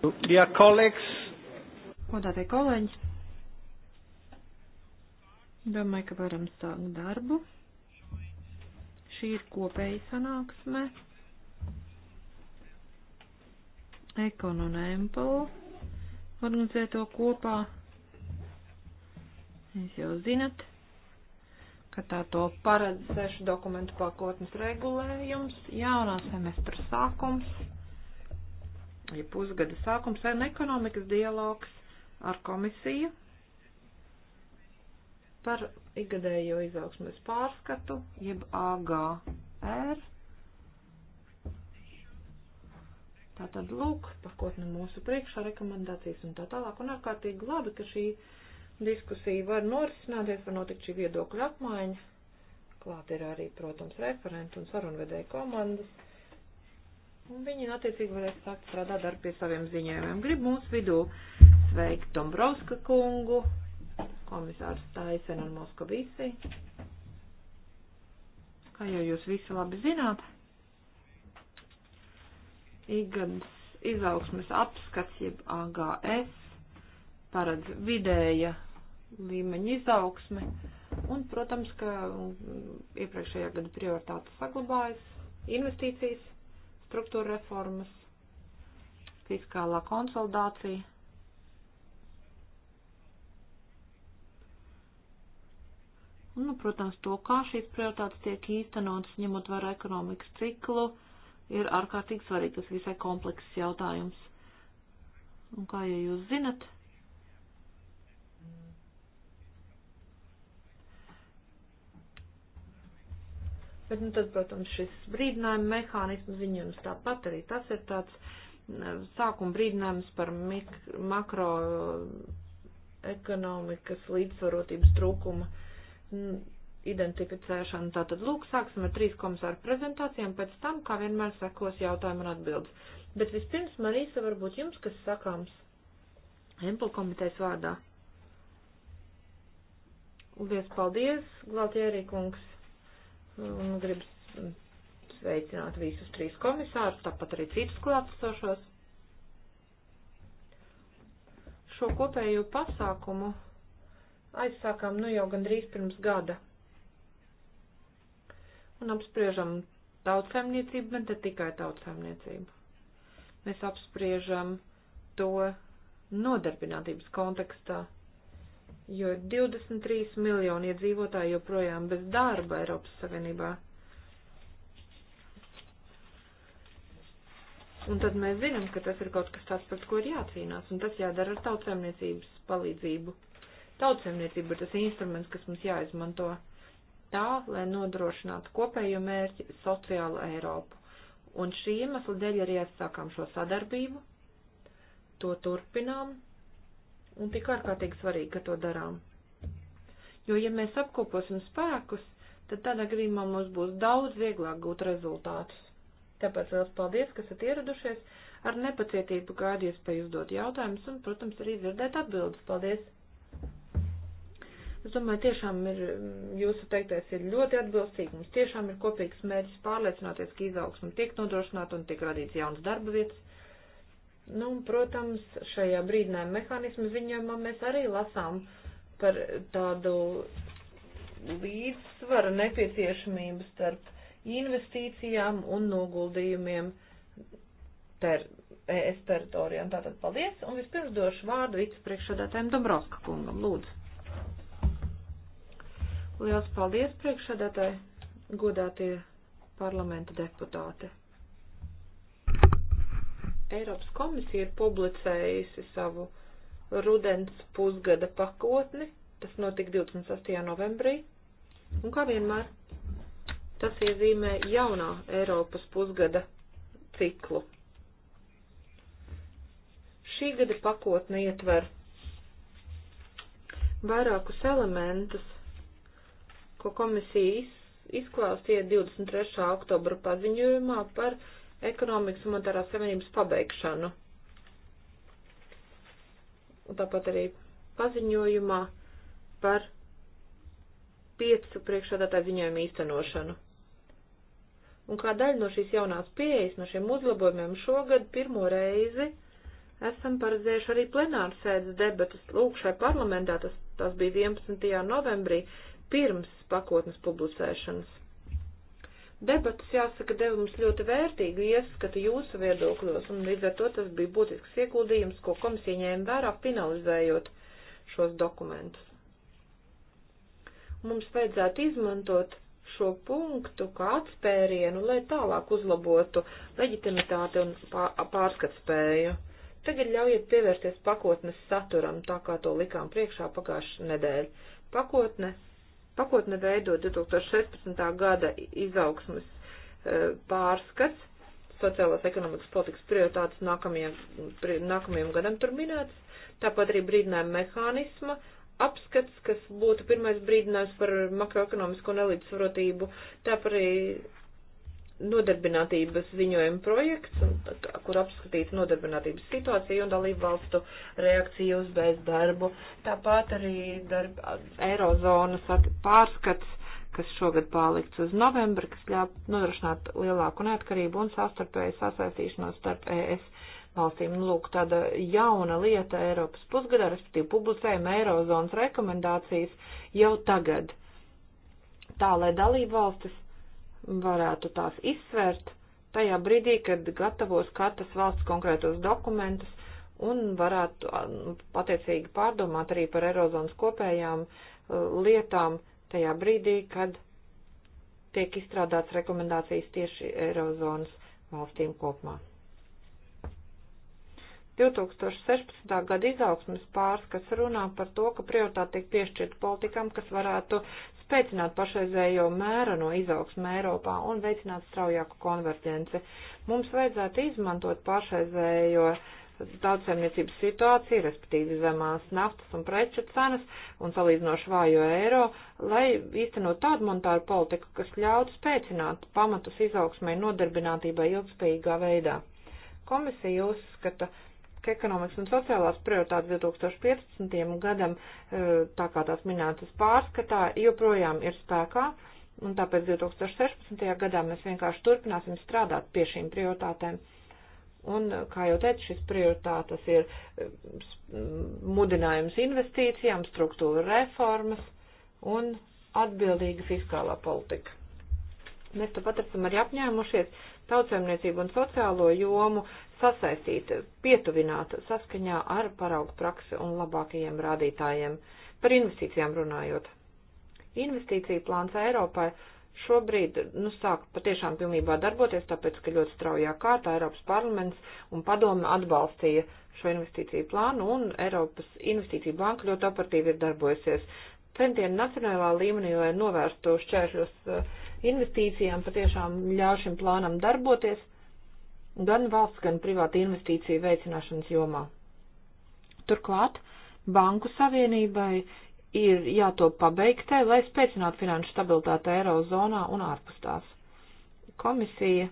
Dear colleagues, godātie kolēģi, domāju, ka varam sākt darbu. Šī ir kopēja sanāksme. Ekon un Empel organizē to kopā. Jūs jau zinat, ka tā to paredz sešu dokumentu pakotnes regulējums, jaunā semestra sākums ja pusgada sākums un ekonomikas dialogs ar komisiju par igadējo izaugsmes pārskatu, jeb AGR. Tātad lūk, pakotne nu mūsu priekšā rekomendācijas un tā tālāk. Un ārkārtīgi labi, ka šī diskusija var norisināties, var notikt šī viedokļa apmaiņa. Klāt ir arī, protams, referenti un sarunvedēja komandas Un viņi attiecīgi varēs sākt strādāt ar pie saviem ziņojumiem. Gribu mūsu vidū sveikt Dombrovska kungu, komisārs Taisen un Moskovisi. Kā jau jūs visi labi zināt, Igads izaugsmes apskats, jeb AGS, paredz vidēja līmeņa izaugsme, un, protams, ka iepriekšējā gada prioritāte saglabājas investīcijas struktūra reformas, fiskālā konsolidācija. Un, nu, protams, to, kā šīs prioritātes tiek īstenotas, ņemot vērā ekonomikas ciklu, ir ārkārtīgi svarīgi. Tas visai komplekss jautājums. Un kā jau jūs zinat, Bet, nu, tad, protams, šis brīdinājuma mehānisms viņiem tāpat arī tas ir tāds sākuma brīdinājums par mik, makro ekonomikas līdzsvarotības trūkuma identificēšanu. Tātad, lūk, sāksim ar trīs komisāru prezentācijām, pēc tam, kā vienmēr, sekos jautājumu un atbildes. Bet vispirms, Marīsa, varbūt jums, kas sakāms Empla komitejas vārdā. Lies paldies, Glautierī kungs. Un gribu sveicināt visus trīs komisārus, tāpat arī citus klātsošos. Šo kopējo pasākumu aizsākām nu jau gandrīz pirms gada. Un apspriežam tautsēmniecību, bet ne tikai tautsēmniecību. Mēs apspriežam to nodarbinātības kontekstā jo 23 miljoni iedzīvotāji joprojām bez darba Eiropas Savienībā. Un tad mēs zinām, ka tas ir kaut kas tāds, pret ko ir jācīnās, un tas jādara ar tautsēmniecības palīdzību. Tautsēmniecība ir tas instruments, kas mums jāizmanto tā, lai nodrošinātu kopējo mērķi sociālu Eiropu. Un šī iemesla dēļ arī atsākām šo sadarbību, to turpinām, Un tik ārkārtīgi svarīgi, ka to darām. Jo, ja mēs apkoposim spēkus, tad tādā gadījumā mums būs daudz vieglāk gūt rezultātus. Tāpēc liels paldies, kas esat ieradušies. Ar nepacietību gaidu iespēju uzdot jautājumus un, protams, arī dzirdēt atbildes. Paldies! Es domāju, tiešām ir, jūsu teiktais ir ļoti atbilstīgi. Mums tiešām ir kopīgs mērķis pārliecināties, ka izaugsme tiek nodrošināta un tiek radīts jauns darba vietas Nu, un, protams, šajā brīdinājuma mehānismu ziņojumā mēs arī lasām par tādu līdzsvaru nepieciešamību starp investīcijām un noguldījumiem ter, ES teritorijām. Tātad paldies, un vispirms došu vārdu vicepriekšsādātājiem Dombrovska kungam, lūdzu. Liels paldies priekšsādātāji, godātie parlamenta deputāti. Eiropas komisija ir publicējusi savu rudens pusgada pakotni. Tas notika 28. novembrī. Un kā vienmēr, tas iezīmē jaunā Eiropas pusgada ciklu. Šī gada pakotne ietver vairākus elementus, ko komisija izklāstīja 23. oktobra paziņojumā par ekonomikas un monetārās savienības pabeigšanu. Un tāpat arī paziņojumā par piecu priekšādātāju ziņojumu īstenošanu. Un kā daļa no šīs jaunās pieejas, no šiem uzlabojumiem šogad pirmo reizi esam paredzējuši arī plenāru sēdes debatas. Lūk, šai parlamentā tas, tas bija 11. novembrī pirms pakotnes publicēšanas. Debatas, jāsaka, deva mums ļoti vērtīgu ieskatu jūsu viedokļos, un līdz ar to tas bija būtisks ieguldījums, ko komisija ņēma vērā, finalizējot šos dokumentus. Mums vajadzētu izmantot šo punktu kā atspērienu, lai tālāk uzlabotu leģitimitāti un pārskatspēju. Tagad ļaujiet pievērsties pakotnes saturam, tā kā to likām priekšā pagājušajā nedēļā. Pakotne pakotne veido 2016. gada izaugsmas e, pārskats sociālās ekonomikas politikas prioritātes nākamajam, nākamajam gadam tur minēts, tāpat arī brīdinājuma mehānisma apskats, kas būtu pirmais brīdinājums par makroekonomisko nelīdzsvarotību, tāpat arī nodarbinātības ziņojuma projekts, un, kur apskatīts nodarbinātības situācija un dalību valstu reakcija uz bezdarbu. Tāpat arī darba, Eirozonas pārskats, kas šogad pārlikts uz novembri, kas ļauj nodrošināt lielāku neatkarību un sastarpēju sasaistīšanos starp ES valstīm. Nu, lūk, tāda jauna lieta Eiropas pusgadā, respektīvi publicējam Eirozonas rekomendācijas jau tagad. Tā, lai dalību valstis varētu tās izsvērt tajā brīdī, kad gatavos katras valsts konkrētos dokumentus un varētu nu, patiecīgi pārdomāt arī par Eirozonas kopējām uh, lietām tajā brīdī, kad tiek izstrādāts rekomendācijas tieši Eirozonas valstīm kopumā. 2016. gada izaugsmes pārskats runā par to, ka prioritāte tiek piešķirta politikam, kas varētu spēcināt pašreizējo mēru no izaugsmē Eiropā un veicināt straujāku konverģenci. Mums vajadzētu izmantot pašreizējo tautsēmniecības situāciju, respektīvi zemās naftas un preču cenas un salīdzinoši vājo eiro, lai īstenot tādu monetāru politiku, kas ļautu spēcināt pamatus izaugsmai nodarbinātībai ilgspējīgā veidā. Komisija uzskata, ka ekonomikas un sociālās prioritātes 2015. gadam, e, tā kā tās minētas pārskatā, joprojām ir spēkā, un tāpēc 2016. gadā mēs vienkārši turpināsim strādāt pie šīm prioritātēm. Un, kā jau teicu, šis prioritātes ir e, mudinājums investīcijām, struktūra reformas un atbildīga fiskālā politika. Mēs tāpat esam arī apņēmušies tautsēmniecību un sociālo jomu sasaistīta, pietuvināta saskaņā ar paraugu praksi un labākajiem rādītājiem. Par investīcijām runājot. Investīcija plāns Eiropai šobrīd nu, sāk patiešām pilnībā darboties, tāpēc, ka ļoti straujā kārtā Eiropas parlaments un padome atbalstīja šo investīciju plānu un Eiropas investīcija banka ļoti operatīvi ir darbojusies. Centieni nacionālā līmenī, lai novērstu šķēršļus uh, investīcijām, patiešām ļauj šim plānam darboties gan valsts, gan privāta investīcija veicināšanas jomā. Turklāt Banku Savienībai ir jātop pabeigtai, lai spēcinātu finanšu stabilitāti Eirozonā un ārpus tās. Komisija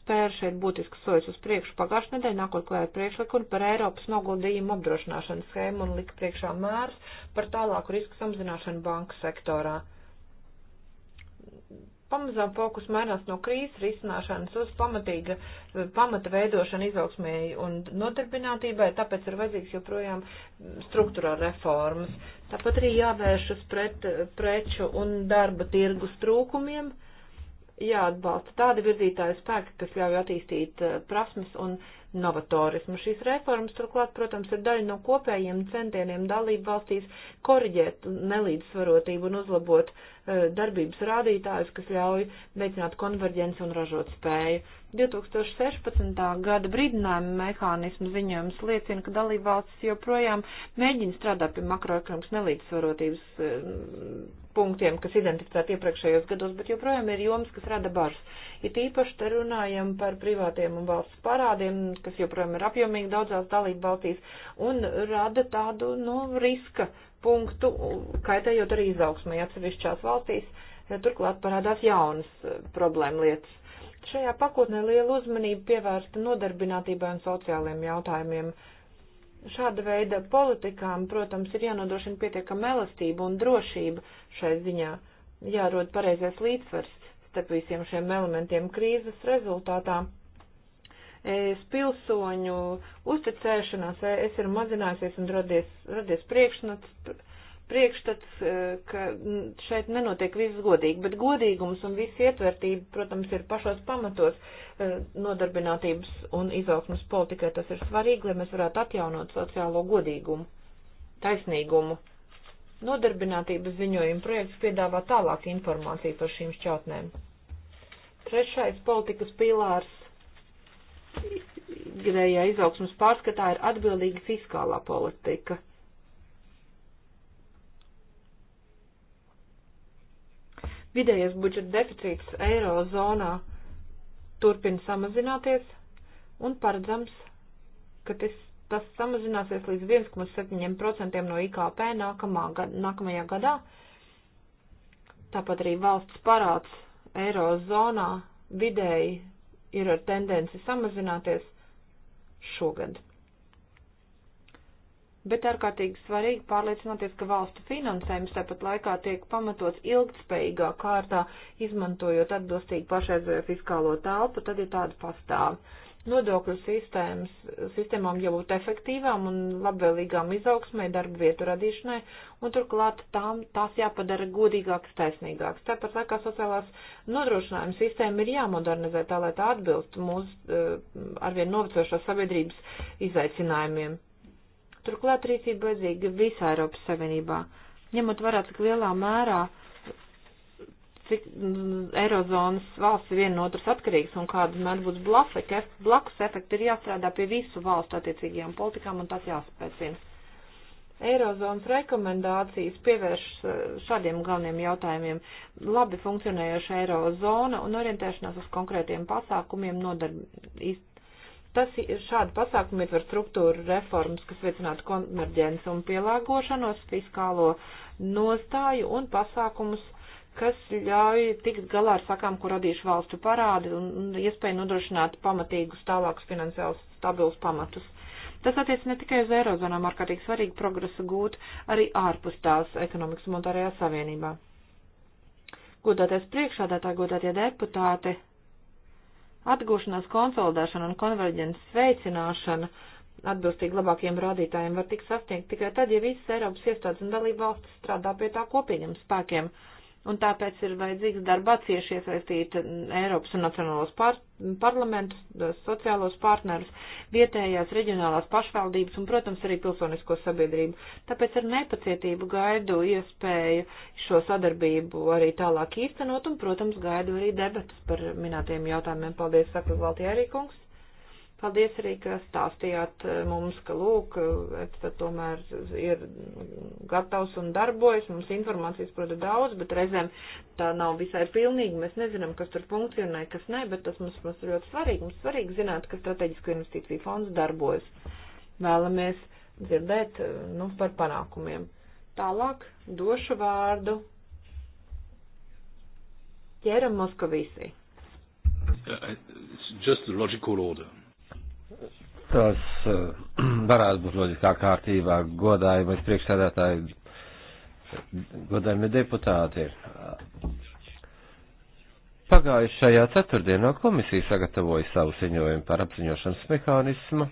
spēra šeit būtisku soļus uz priekšu pagājušajā nedēļā, nākot klājot priekšlikumu par Eiropas noguldījumu apdrošināšanas schēmu un lika priekšā mērs par tālāku risku samazināšanu banku sektorā pamazām fokus mainās no krīzes risināšanas uz pamatīga eh, pamata veidošanu izaugsmēji un nodarbinātībai, tāpēc ir vajadzīgs joprojām struktūrā reformas. Tāpat arī jāvēršas pret preču un darba tirgus trūkumiem, jāatbalsta tādi virzītāju spēki, kas ļauj attīstīt eh, prasmes un novatorismu. Šīs reformas, turklāt, protams, ir daļa no kopējiem centieniem dalību valstīs koriģēt nelīdzsvarotību un uzlabot e, darbības rādītājus, kas ļauj veicināt konverģenci un ražot spēju. 2016. gada brīdinājuma mehānismu ziņojums liecina, ka dalību valstis joprojām mēģina strādāt pie makroekonomikas nelīdzsvarotības e, punktiem, kas identificēti iepriekšējos gados, bet joprojām ir jomas, kas rada bažas. It ja īpaši te runājam par privātiem un valsts parādiem, kas joprojām ir apjomīgi daudzās dalību valstīs un rada tādu no nu, riska punktu, kaitējot arī izaugsmai atsevišķās valstīs. Turklāt parādās jaunas eh, problēma lietas. Šajā pakotnē liela uzmanība pievērsta nodarbinātībai un sociāliem jautājumiem. Šāda veida politikām, protams, ir jānodrošina pietiekama elastība un drošība šai ziņā, jārod pareizais līdzsvars starp visiem šiem elementiem krīzes rezultātā. Es pilsoņu uzticēšanās es ir mazinājusies un radies, radies priekšnots priekšstats, ka šeit nenotiek viss godīgi, bet godīgums un viss ietvertība, protams, ir pašos pamatos eh, nodarbinātības un izaugsmas politikai. Tas ir svarīgi, lai mēs varētu atjaunot sociālo godīgumu, taisnīgumu. Nodarbinātības ziņojuma projekts piedāvā tālāk informāciju par šīm šķautnēm. Trešais politikas pilārs ikgadējā izaugsmas pārskatā ir atbildīga fiskālā politika. Vidējais budžeta deficīts eirozonā turpina samazināties un paredzams, ka tas, tas samazināsies līdz 1,7% no IKP nākamā, nākamajā gadā. Tāpat arī valsts parāds Eirozonā vidēji ir ar tendenci samazināties šogad. Bet ārkārtīgi svarīgi pārliecināties, ka valstu finansējums tāpat laikā tiek pamatots ilgtspējīgā kārtā, izmantojot atbilstīgi pašreizējo fiskālo telpu, tad ir tāda pastāv. Uh, nodokļu sistēmas, sistēmām jābūt efektīvām un labvēlīgām izaugsmai, darba vietu radīšanai, un turklāt tām, tās jāpadara godīgākas, taisnīgākas. Tāpat laikā sociālās nodrošinājuma sistēma ir jāmodernizē tā, lai tā atbilst mūsu eh, arvien novecošās sabiedrības izaicinājumiem. Turklāt rīcība vajadzīga visā Eiropas Savienībā, ņemot vērā, cik lielā mērā uh, cik mm, Eirozonas valsts viena no otras atkarīgas un kāda man būs blafeķa, blakus efekti ir jāstrādā pie visu valstu attiecīgajām politikām un tas jāspēcina. Eirozonas rekomendācijas pievērš eh, šādiem galveniem jautājumiem - labi funkcionējoša eirozona un orientēšanās uz konkrētiem pasākumiem nodarb... Tas šādi pasākumi ietver struktūru reformas, kas veicinātu konverģenci un pielāgošanos, fiskālo nostāju un pasākumus kas ļauj tikt galā ar sakām, ko radīšu valstu parādi un iespēju nodrošināt pamatīgus tālākus finansiālus stabilus pamatus. Tas attiec ne tikai uz Eirozonām, ārkārtīgi svarīgi progresu gūt arī ārpus tās ekonomikas un monetārajā savienībā. Godātais priekšādātā, godātie deputāti, atgūšanās konsolidēšana un konverģences veicināšana atbilstīgi labākiem rādītājiem var tikt sasniegt tikai tad, ja visas Eiropas iestādes un dalība valstis strādā pie tā kopīgiem spēkiem un tāpēc ir vajadzīgs darbā cieši iesaistīt Eiropas un Nacionālos par, parlamentus, sociālos partnerus, vietējās reģionālās pašvaldības un, protams, arī pilsonisko sabiedrību. Tāpēc ar nepacietību gaidu iespēju šo sadarbību arī tālāk īstenot un, protams, gaidu arī debatas par minētajiem jautājumiem. Paldies, saka Valtierī kungs. Paldies arī, ka stāstījāt eh, mums, ka lūk, ECTA eh, tomēr ir gatavs un darbojas, mums informācijas, protams, daudz, bet reizēm tā nav visai pilnīga, mēs nezinām, kas tur funkcionē, kas ne, bet tas mums, mums ir ļoti svarīgi, mums svarīgi zināt, ka strateģisko investīciju fonds darbojas. Vēlamies dzirdēt, eh, nu, par panākumiem. Tālāk došu vārdu ķēram Moskavīsī. Uh, uh, just the logical order. Tas eh, varētu būt loģiskā kārtībā. Godājumais priekšsēdētāji, godājumi deputāti. Pagājušajā ceturtdienā komisija sagatavoja savu ziņojumu par apziņošanas mehānismu.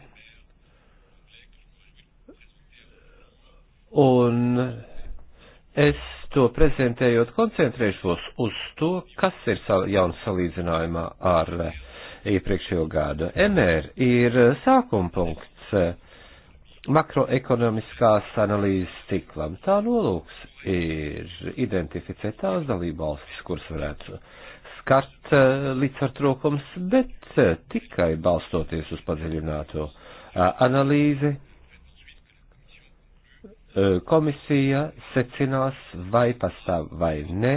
Un es to prezentējot koncentrēšos uz to, kas ir jauna salīdzinājumā ar uh, iepriekšējo gadu. MR ir sākuma punkts makroekonomiskās analīzes ciklam. Tā nolūks ir identificēt tās dalībvalstis, kuras varētu skart eh, līdzvartrūkums, bet eh, tikai balstoties uz padziļināto eh, analīzi komisija secinās, vai pastāv vai ne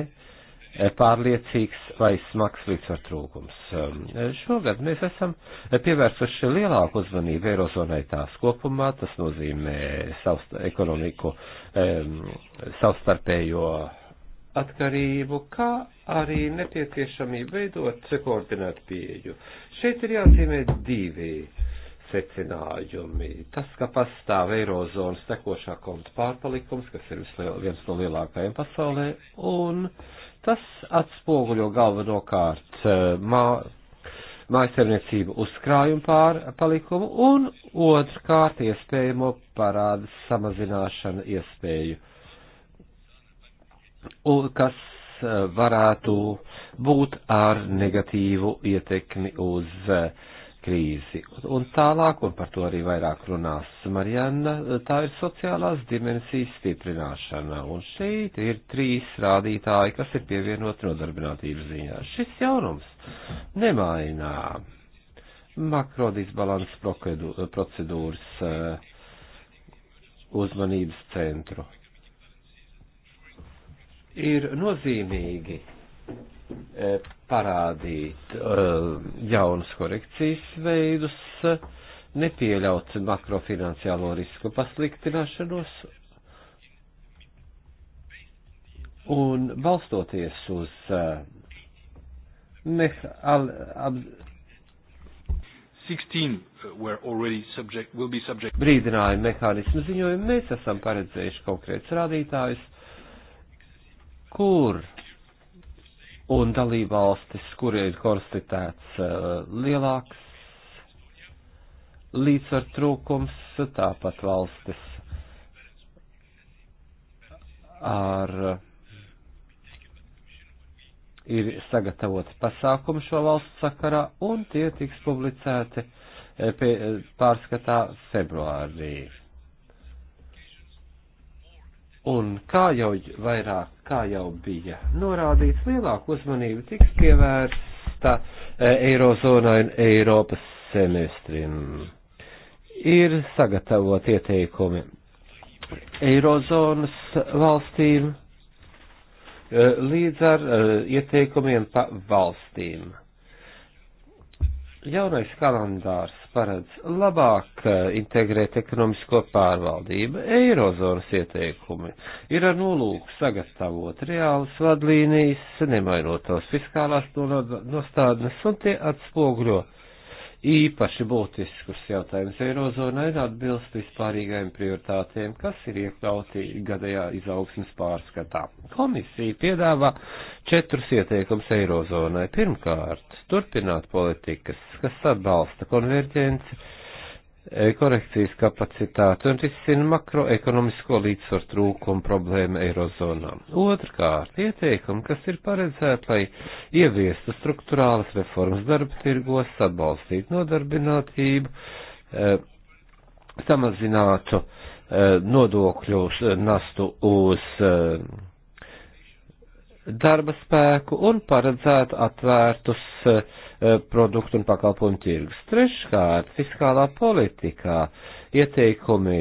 pārliecīgs vai smags līdzsvar trūkums. Um, šogad mēs esam pievērsuši lielāku uzmanību Eirozonai tās kopumā, tas nozīmē savst, ekonomiku um, savstarpējo atkarību, kā arī nepieciešamību veidot koordinētu pieju. Šeit ir jāatzīmē divi secinājumi. Tas, ka pastāv eirozonas tekošā konta pārpalikums, kas ir viens no lielākajiem pasaulē, un uh, Tas atspoguļo galvenokārt eh, mā, mājasarniecību uzkrājumu pārpalikumu un otrkārt iespējamo parādu samazināšanu iespēju, un, kas eh, varētu būt ar negatīvu ietekmi uz uh, krīzi. Un tālāk, un par to arī vairāk runās Marianna, tā ir sociālās dimensijas stiprināšana. Un šeit ir trīs rādītāji, kas ir pievienot nodarbinātības ziņā. Šis jaunums nemainā makrodisbalans procedūras eh, uzmanības centru. Ir nozīmīgi E, parādīt e, jaunus korekcijas veidus, nepieļaut makrofinanciālo risku pasliktināšanos un balstoties uz e, meha, al, ab, 16 uh, were already subject, will be subject. Brīdinājuma mehānismu ziņojumu mēs esam paredzējuši konkrēts rādītājs, kur un dalībvalstis, kur ir konstatēts eh, lielāks līdzsvar trūkums, tāpat valstis ar ir sagatavots pasākums šo valstu sakarā, un tie tiks publicēti eh, eh, pārskatā februārī. Un kā jau vairāk, kā jau bija norādīts, lielāku uzmanību tiks pievērsta e, Eirozonai un Eiropas semestrim. Ir sagatavot ieteikumi Eirozonas valstīm e, līdz ar e, ieteikumiem pa valstīm. Jaunais kalendārs paredz labāk eh, integrēt ekonomisko pārvaldību. Eirozonas ieteikumi ir ar nolūku sagatavot reālas vadlīnijas, nemainot tos fiskālās nostādnes, un tie atspoguļo īpaši būtiskus jautājumus Eirozonai un atbilst vispārīgajiem prioritātiem, kas ir iekļauti gadējā izaugsmas pārskatā. Komisija piedāvā četrus ieteikums Eirozonai. Pirmkārt, turpināt politikas, kas atbalsta konverģenci E, korekcijas kapacitāti un risina makroekonomisko līdzsvaru trūkumu problēmu Eirozonā. Otrkārt, ieteikumi, kas ir paredzēti, lai ieviestu struktūrālas reformas darba tirgos, atbalstītu nodarbinātību, e, samazinātu e, nodokļu nastu uz darba spēku un paredzētu atvērtus uh, Eh, produktu un pakalpojumu tirgus. Treškārt, fiskālā politikā ieteikumi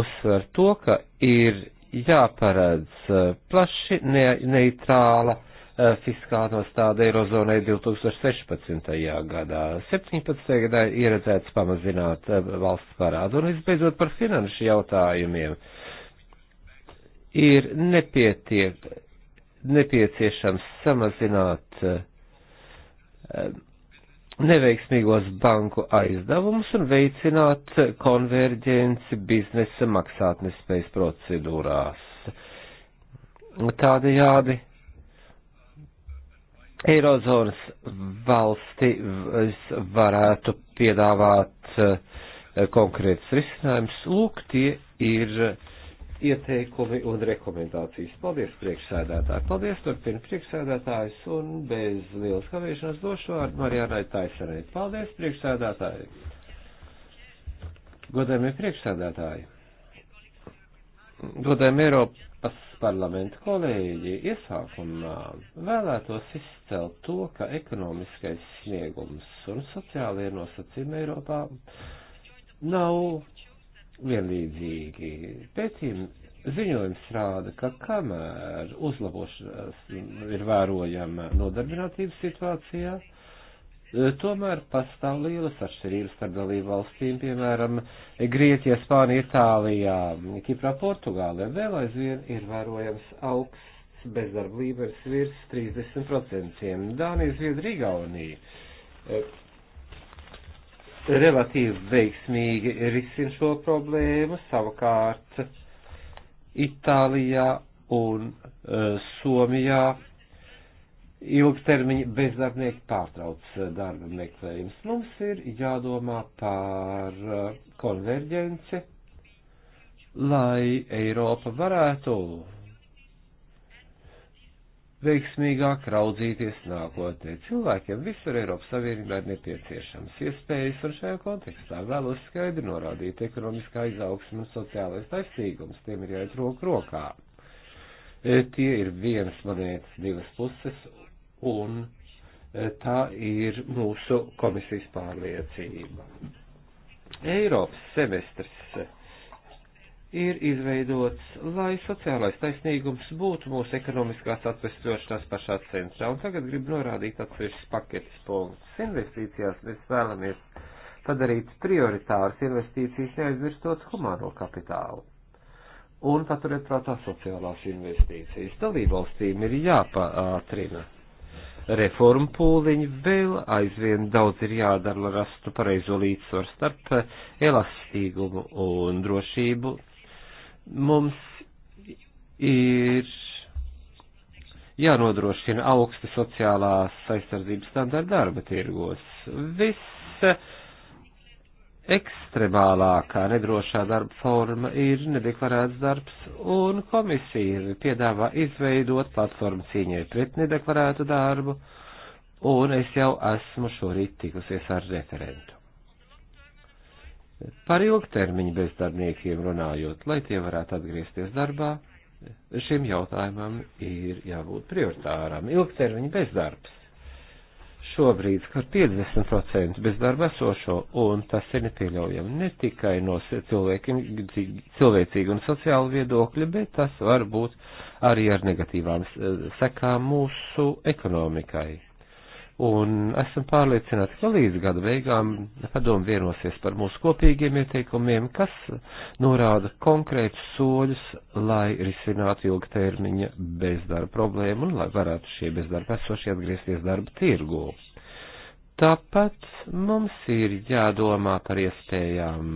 uzsver to, ka ir jāparedz eh, plaši ne, neitrāla eh, fiskāla nostāda Eirozonai 2016. gadā. 17. gadā ir ieredzēts pamazināt valsts parādu un visbeidzot par finanšu jautājumiem. Ir nepietiek, nepieciešams samazināt uh, Eh, neveiksmīgos banku aizdevumus un veicināt konverģenci biznesa maksātnespējas procedūrās. Tādējādi Eirozonas valsti varētu piedāvāt eh, konkrēts risinājums. Lūk, tie ir ieteikumi un rekomendācijas. Paldies, priekšsēdētāji! Paldies, turpina priekšsēdētājs, un bez lielas kavēšanās došu vārdu Marijānai Taisanai. Paldies, priekšsēdētāji! Godējumie priekšsēdētāji! Godējumie Eiropas parlamenta kolēģi! Iesākumā vēlētos izcelt to, ka ekonomiskais sniegums un sociālie nosacījumi Eiropā nav vienlīdzīgi. Pētījumi ziņojums rāda, ka kamēr uzlabošanās ir vērojama nodarbinātības situācijā, tomēr pastāv lielas atšķirības starp dalību valstīm, piemēram, Grieķija, Spānija, Itālijā, Kiprā, Portugālē. Vēl aizvien ir vērojams augsts bezdarba līmenis virs 30%. Dānija, Zviedrija, Igaunija relatīvi veiksmīgi risina šo problēmu, savukārt Itālijā un uh, Somijā ilgtermiņa bezdarbnieki pārtrauc e, darba meklējums. Mums ir jādomā par e, konverģenci, lai Eiropa varētu veiksmīgāk raudzīties nākotnē. Cilvēkiem visur Eiropas Savienībā ir nepieciešams iespējas, un šajā kontekstā vēlos skaidri norādīt ekonomiskā izaugsma un sociālais taisīgums. Tiem ir jāiet roku rokā. E, tie ir vienas monētas divas puses, un e, tā ir mūsu komisijas pārliecība. Eiropas semestrs ir izveidots, lai sociālais taisnīgums būtu mūsu ekonomiskās atvesļošanās pašā centrā. Un tagad gribu norādīt atsevišķas paketes punktus. Investīcijās mēs vēlamies padarīt prioritāras investīcijas, neaizmirstot humāno kapitālu. Un paturēt prātā sociālās investīcijas. Dalībvalstīm ir jāpātrina reformu pūliņi vēl aizvien daudz ir jādara, lai rastu pareizo līdzsvaru starp elastīgumu un drošību Mums ir jānodrošina augsti sociālās aizsardzības standarta darba tirgos. Viss ekstremālākā nedrošā darba forma ir nedeklarēts darbs, un komisija piedāvā izveidot platformu cīņai pret nedeklarētu darbu, un es jau esmu šorīt tikusies ar referentu. Par ilgtermiņu bezdarbniekiem runājot, lai tie varētu atgriezties darbā, šim jautājumam ir jābūt prioritāram. Ilgtermiņa bezdarbs. Šobrīd skar 50% bezdarba esošo, un tas ir nepieļaujami ne tikai no cilvēcīga un sociāla viedokļa, bet tas var būt arī ar negatīvām sekām mūsu ekonomikai un esam pārliecināti, ka līdz gada beigām padomu vienosies par mūsu kopīgiem ieteikumiem, kas norāda konkrētus soļus, lai risinātu ilgtermiņa bezdarba problēmu un lai varētu šie bezdarba esošie atgriezties darba tirgū. Tāpat mums ir jādomā par iespējām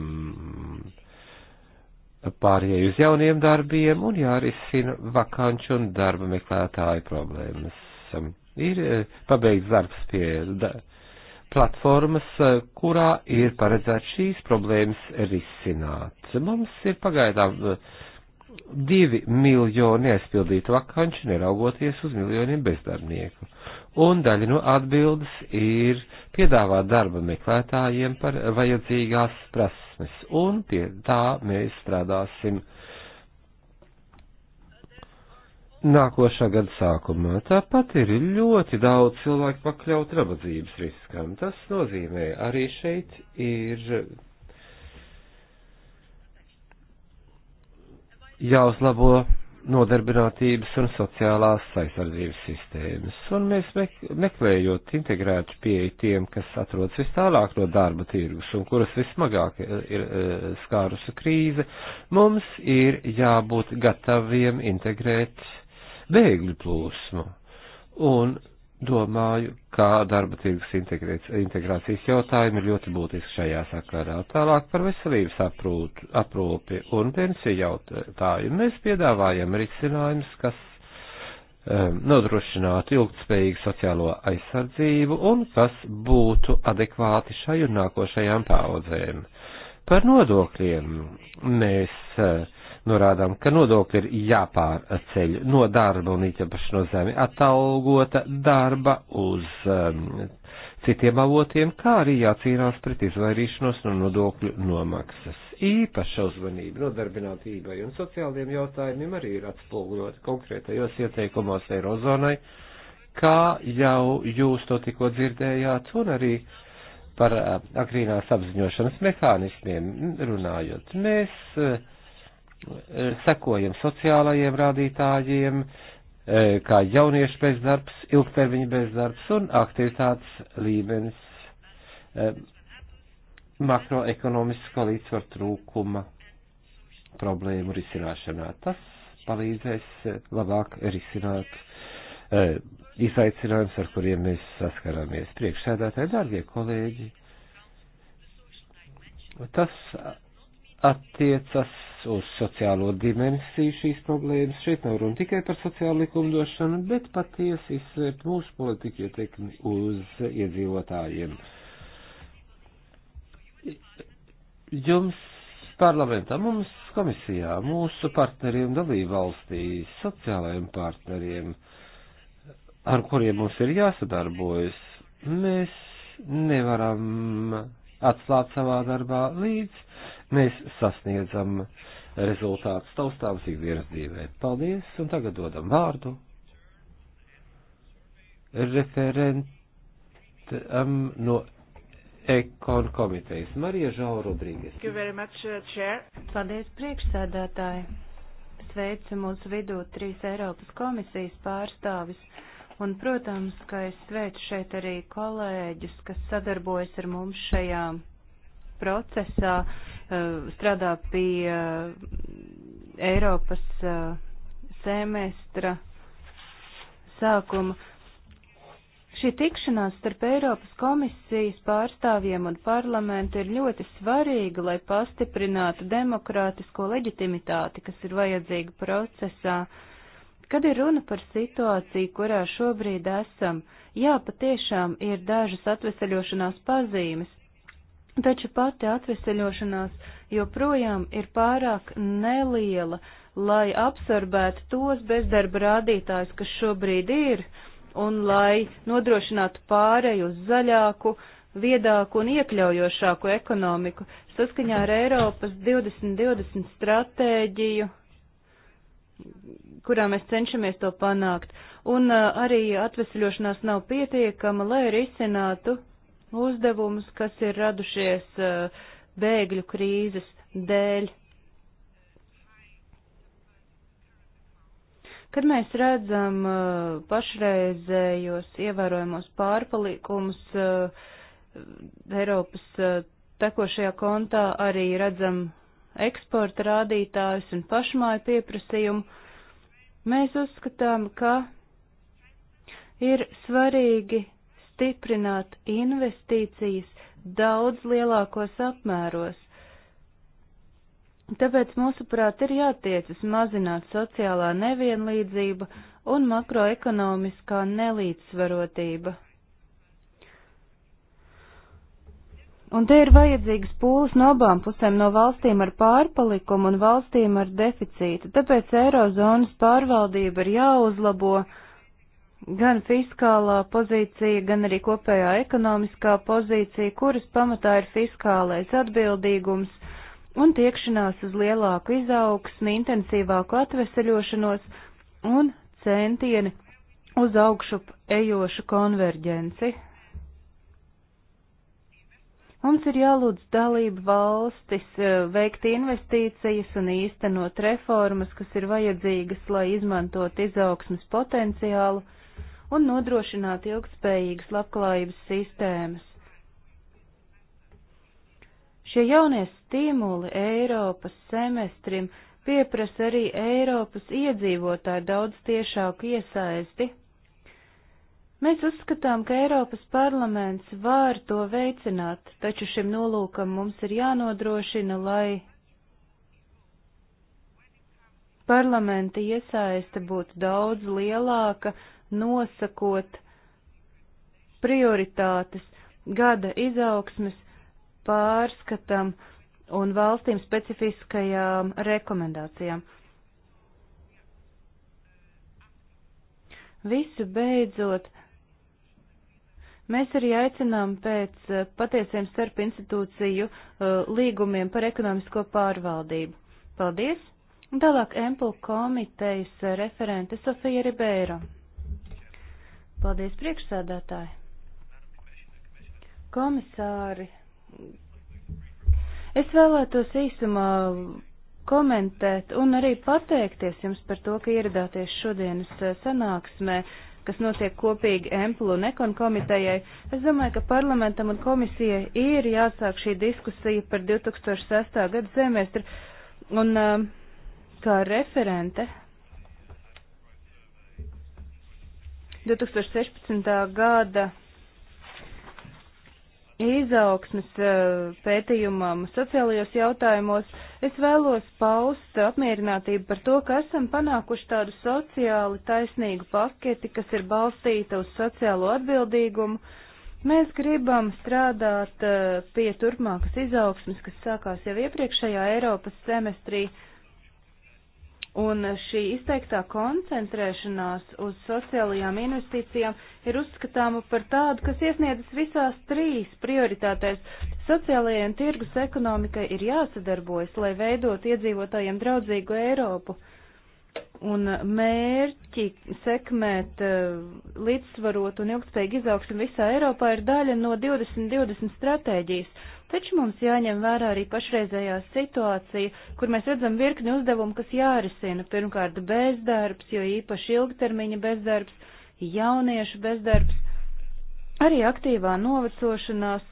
pārējai uz jauniem darbiem un jārisina vakanču un darba meklētāju problēmas. Ir e, pabeigts darbs pie da, platformas, e, kurā ir paredzēts šīs problēmas risināt. Mums ir pagaidām e, divi miljoni aizpildītu vakanču, neraugoties uz miljoniem bezdarbnieku. Un daļa no atbildes ir piedāvāt darba meklētājiem par vajadzīgās prasmes, un pie tā mēs strādāsim nākošā gada sākumā. Tāpat ir ļoti daudz cilvēku pakļaut nabadzības riskam. Tas nozīmē arī šeit ir jāuzlabo nodarbinātības un sociālās aizsardzības sistēmas, un mēs meklējot integrētu pieeju tiem, kas atrodas vis tālāk no darba tirgus un kuras vismagāk ir eh, skārusi krīze, mums ir jābūt gataviem integrēt bēgļu plūsmu. Un domāju, kā darba tirgus integrācijas jautājumi ir ļoti būtiski šajā sakarā. Tālāk par veselības aprūtu, aprūpi un pensiju jautājumu mēs piedāvājam risinājumus, kas um, nodrošinātu ilgtspējīgu sociālo aizsardzību un kas būtu adekvāti šai un nākošajām paudzēm. Par nodokļiem mēs uh, norādām, ka nodokļi ir jāpārceļ no darba un īpaši no zemi atalgota darba uz um, citiem avotiem, kā arī jācīnās pret izvairīšanos no nodokļu nomaksas. Īpaša uzmanība nodarbinātībai un sociāliem jautājumiem arī ir atspoguļota konkrētajos ieteikumos Eirozonai, kā jau jūs to tikko dzirdējāt, un arī par uh, agrīnās apziņošanas mehānismiem runājot. Mēs uh, Eh, sekojam sociālajiem rādītājiem, eh, kā jauniešu bezdarbs, ilgtermiņa bezdarbs un aktivitātes līmenis eh, makroekonomisko līdzsvaru trūkuma problēmu risināšanā. Tas palīdzēs labāk risināt e, izaicinājums, ar kuriem mēs saskaramies. Priekšsēdētāji, dārgie kolēģi, tas attiecas uz sociālo dimensiju šīs problēmas. Šeit nav runa tikai par sociālu likumdošanu, bet patiesi izsvērt mūsu politiku ietekmi uz iedzīvotājiem. Jums parlamentā, mums komisijā, mūsu partneriem dalību valstī, sociālajiem partneriem, ar kuriem mums ir jāsadarbojas, mēs nevaram atslāt savā darbā līdz mēs sasniedzam rezultāts taustāms ikdienas dzīvē. Paldies, un tagad dodam vārdu referentam no Ekon komitejas Marija Žau Rodrīgas. Uh, Paldies, priekšsēdētāji. Sveicu mūsu vidū trīs Eiropas komisijas pārstāvis. Un, protams, ka es sveicu šeit arī kolēģus, kas sadarbojas ar mums šajā procesā, Eh, strādā pie eh, Eiropas eh, semestra sākuma. Šī tikšanās starp Eiropas komisijas pārstāvjiem un parlamentu ir ļoti svarīga, lai pastiprinātu demokrātisko leģitimitāti, kas ir vajadzīga procesā. Kad ir runa par situāciju, kurā šobrīd esam, jā, patiešām ir dažas atvesaļošanās pazīmes, taču pati atveseļošanās joprojām ir pārāk neliela, lai absorbētu tos bezdarba rādītājus, kas šobrīd ir, un lai nodrošinātu pāreju uz zaļāku, viedāku un iekļaujošāku ekonomiku saskaņā ar Eiropas 2020 stratēģiju, kurā mēs cenšamies to panākt. Un uh, arī atvesļošanās nav pietiekama, lai risinātu uzdevumus, kas ir radušies eh, bēgļu krīzes dēļ. Kad mēs redzam eh, pašreizējos ievērojamos pārpalikumus eh, Eiropas tekošajā kontā, arī redzam eksporta rādītājus un pašmāju pieprasījumu, mēs uzskatām, ka ir svarīgi stiprināt investīcijas daudz lielākos apmēros. Tāpēc, mūsuprāt, ir jātiecas mazināt sociālā nevienlīdzība un makroekonomiskā nelīdzsvarotība. Un te ir vajadzīgas pūles no abām pusēm, no valstīm ar pārpalikumu un valstīm ar deficītu, tāpēc Eirozonas pārvaldība ir jāuzlabo, uh, gan fiskālā pozīcija, gan arī kopējā ekonomiskā pozīcija, kuras pamatā ir fiskālais atbildīgums un tiekšanās uz lielāku izaugsmi, intensīvāku atveseļošanos un centieni uz augšu ejošu konverģenci. Mums ir jālūdz dalību valstis eh, veikt investīcijas un īstenot reformas, kas ir vajadzīgas, lai izmantot izaugsmas potenciālu un nodrošināt ilgspējīgas labklājības sistēmas. Šie jaunie stimuli Eiropas semestrim pieprasa arī Eiropas iedzīvotāju daudz tiešāku iesaisti. Mēs uzskatām, ka Eiropas parlaments var to veicināt, taču šim nolūkam mums ir jānodrošina, lai parlamenta iesaiste būtu daudz lielāka nosakot prioritātes gada izaugsmes pārskatam un valstīm specifiskajām rekomendācijām. Visu beidzot, mēs arī aicinām pēc eh, patiesiem starp institūciju eh, līgumiem par ekonomisko pārvaldību. Paldies! Un tālāk Empul komitejas eh, referente Sofija Ribeiro. Paldies, priekšsēdētāji. Komisāri, es vēlētos īsumā komentēt un arī pateikties jums par to, ka ieradāties šodienas eh, sanāksmē, kas notiek kopīgi Emplu un Ekon komitejai. Es domāju, ka parlamentam un komisijai ir jāsāk šī diskusija par 2006. gadu semestri. Un eh, kā referente 2016. gada izaugsmes eh, pētījumam sociālajos jautājumos, es vēlos paust apmierinātību par to, ka esam panākuši tādu sociāli taisnīgu paketi, kas ir balstīta uz sociālo atbildīgumu. Mēs gribam strādāt eh, pie turpmākas izaugsmes, kas sākās jau iepriekšējā Eiropas semestrī, uh, Un šī izteiktā koncentrēšanās uz sociālajām investīcijām ir uzskatāma par tādu, kas iesniedzas visās trīs prioritātēs. Sociālajai un tirgus ekonomikai ir jāsadarbojas, lai veidot iedzīvotājiem draudzīgu Eiropu. Un mērķi sekmēt eh, līdzsvarot un ilgspējīgi izaugsmu visā Eiropā ir daļa no 2020 stratēģijas Taču mums jāņem vērā arī pašreizējā situācija, kur mēs redzam virkni uzdevumu, kas jārisina. Pirmkārt, bezdarbs, jo īpaši ilgtermiņa bezdarbs, jauniešu bezdarbs, arī aktīvā novecošanās,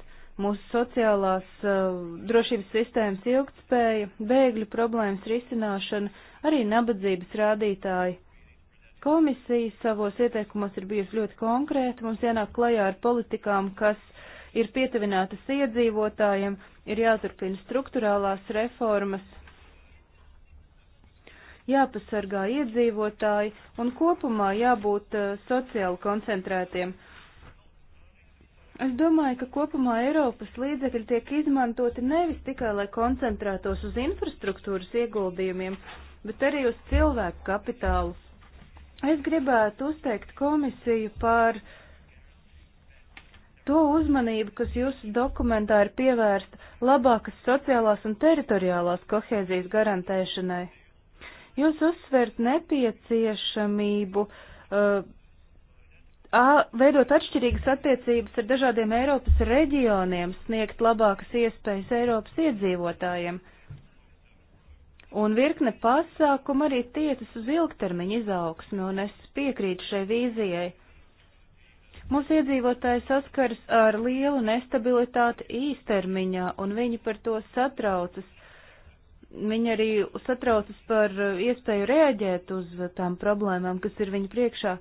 mūsu sociālās uh, drošības sistēmas ilgtspēja, bēgļu problēmas risināšana, arī nabadzības rādītāji. Komisija savos ieteikumos ir bijusi ļoti konkrēta, mums ienāk klajā ar politikām, kas ir pietuvinātas iedzīvotājiem, ir jāturpina struktūrālās reformas, jāpasargā iedzīvotāji un kopumā jābūt eh, sociāli koncentrētiem. Es domāju, ka kopumā Eiropas līdzekļi tiek izmantoti nevis tikai, lai koncentrētos uz infrastruktūras ieguldījumiem, bet arī uz cilvēku kapitālu. Es gribētu uzteikt komisiju par uh, to uzmanību, kas jūsu dokumentā ir pievērsta labākas sociālās un teritoriālās kohēzijas garantēšanai. Jūs uzsvērt nepieciešamību uh, veidot atšķirīgas attiecības ar dažādiem Eiropas reģioniem, sniegt labākas iespējas Eiropas iedzīvotājiem. Un virkne pasākumu arī tiecas uz ilgtermiņa izaugsmi, un es piekrītu šai vīzijai. Mūsu iedzīvotāji saskars ar lielu nestabilitāti īstermiņā, un viņi par to satraucas. Viņi arī satraucas par iespēju reaģēt uz tām problēmām, kas ir viņu priekšā.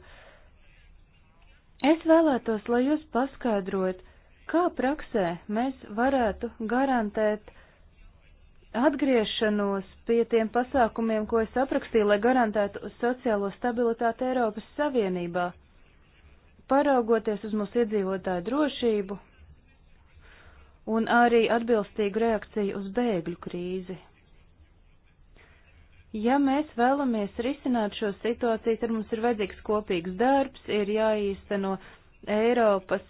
Es vēlētos, lai jūs paskaidrot, kā praksē mēs varētu garantēt atgriešanos pie tiem pasākumiem, ko es aprakstīju, lai garantētu sociālo stabilitāti Eiropas Savienībā. Paraugoties uz mūsu iedzīvotāju drošību un arī atbilstīgu reakciju uz bēgļu krīzi. Ja mēs vēlamies risināt šo situāciju, tad mums ir vajadzīgs kopīgs darbs, ir jāīsteno Eiropas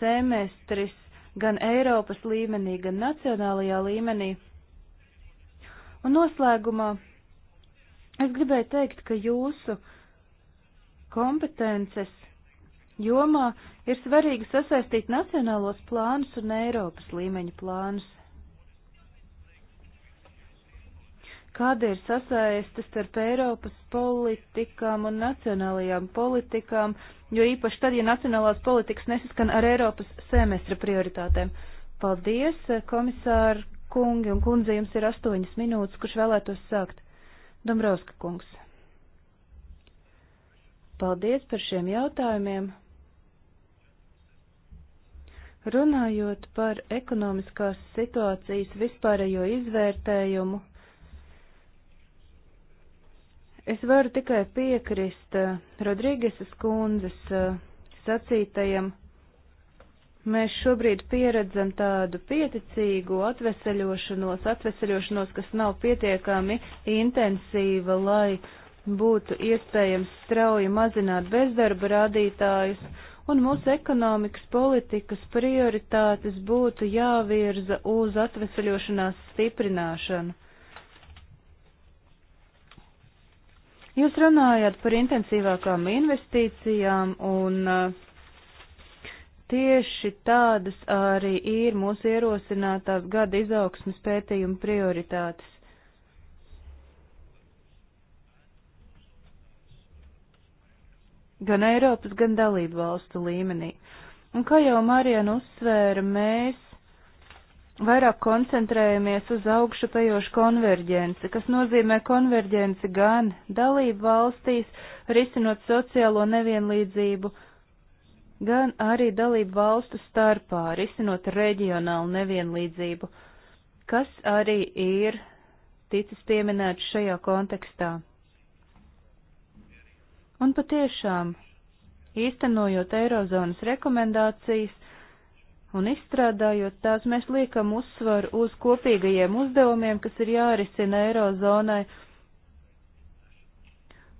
semestris gan Eiropas līmenī, gan nacionālajā līmenī. Un noslēgumā es gribēju teikt, ka jūsu kompetences jomā ir svarīgi sasaistīt nacionālos plānus un Eiropas līmeņa plānus. Kāda ir sasaiste starp Eiropas politikām un nacionālajām politikām, jo īpaši tad, ja nacionālās politikas nesaskan ar Eiropas semestra prioritātēm? Paldies, komisāri kungi un kundze, jums ir astoņas minūtes, kurš vēlētos sākt. Dombrovska kungs. Paldies par šiem jautājumiem. Runājot par ekonomiskās situācijas vispārējo izvērtējumu, es varu tikai piekrist eh, Rodrīgesas kundzes eh, sacītajam. Mēs šobrīd pieredzam tādu pieticīgu atveseļošanos, atveseļošanos, kas nav pietiekami intensīva, lai būtu iespējams strauji mazināt bezdarba rādītājus un mūsu ekonomikas politikas prioritātes būtu jāvirza uz atvesaļošanās stiprināšanu. Jūs runājat par intensīvākām investīcijām un uh, tieši tādas arī ir mūsu ierosinātās gada izaugsmas pētījuma prioritātes. gan Eiropas, gan dalību valstu līmenī. Un kā jau Marijana uzsvēra, mēs vairāk koncentrējamies uz augšu pejošu konverģenci, kas nozīmē konverģenci gan dalību valstīs, risinot sociālo nevienlīdzību, gan arī dalību valstu starpā, risinot reģionālu nevienlīdzību, kas arī ir ticis pieminēts šajā kontekstā. Un patiešām, īstenojot Eirozonas rekomendācijas un izstrādājot tās, mēs liekam uzsvaru uz kopīgajiem uzdevumiem, kas ir jārisina Eirozonai,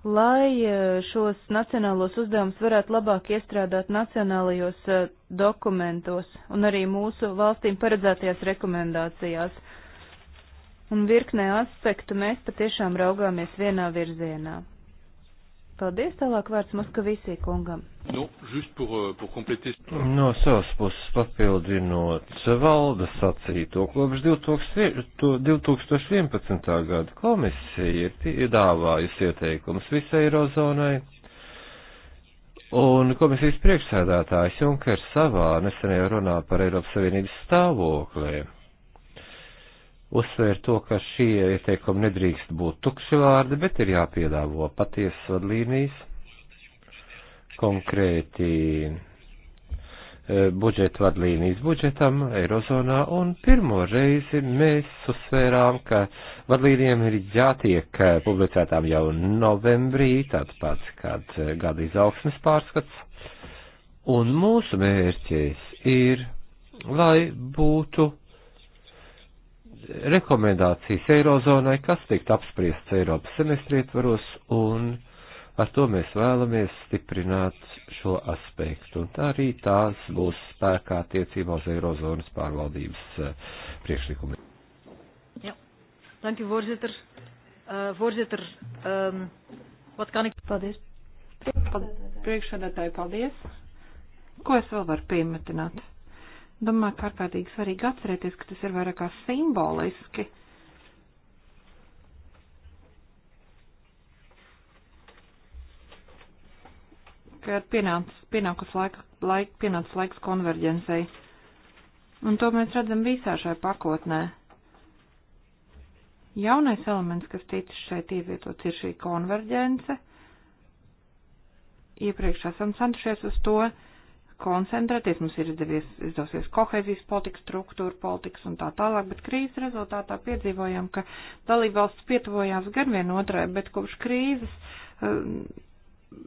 lai e, šos nacionālos uzdevumus varētu labāk iestrādāt nacionālajos e, dokumentos un arī mūsu valstīm paredzētajās rekomendācijās. Un virknē aspektu mēs patiešām raugāmies vienā virzienā. Paldies, tālāk vārds Moskavisī kungam. No, nu, pour, euh, pour compléter... no savas puses papildinot valda sacīto, kopš 2011. gada komisija ir dāvājusi ieteikumus visai Eirozonai. Un komisijas priekšsēdētājs Junkers savā nesenajā runā par Eiropas Savienības stāvoklēm uzsver to, ka šie ieteikumi nedrīkst būt tukši vārdi, bet ir jāpiedāvo patiesas vadlīnijas, konkrēti e, budžeta vadlīnijas budžetam Eirozonā, un pirmo reizi mēs uzsvērām, ka vadlīnijām ir jātiek e, publicētām jau novembrī, tāds pats, kad e, gada izaugsmes pārskats, un mūsu mērķis ir, lai būtu rekomendācijas Eirozonai, kas tikt apspriests Eiropas semestri ietvaros, un ar to mēs vēlamies stiprināt šo aspektu. Un tā arī tās būs spēkā attiecībā uz Eirozonas pārvaldības eh, priekšlikumiem. Jā, danki, voorzitter. Uh, voorzitter, um, wat kan ik... Paldies. Priekšsēdētāji, paldies. Ko es vēl varu piemetināt? Domāju, ka ārkārtīgi svarīgi atcerēties, ka tas ir vairāk kā simboliski. Ka ir pienācis, pienākus laika, laik, pienācis laiks konverģencei. Un to mēs redzam visā šai pakotnē. Jaunais elements, kas ticis šeit ievietots, ir šī konverģence. Iepriekš esam centušies uz to koncentrēties, mums ir izdevies, izdosies kohēzijas politika, struktūra politikas un tā tālāk, bet krīzes rezultātā piedzīvojām, ka dalībvalsts pietuvojās gan vienotrai, bet kopš krīzes um,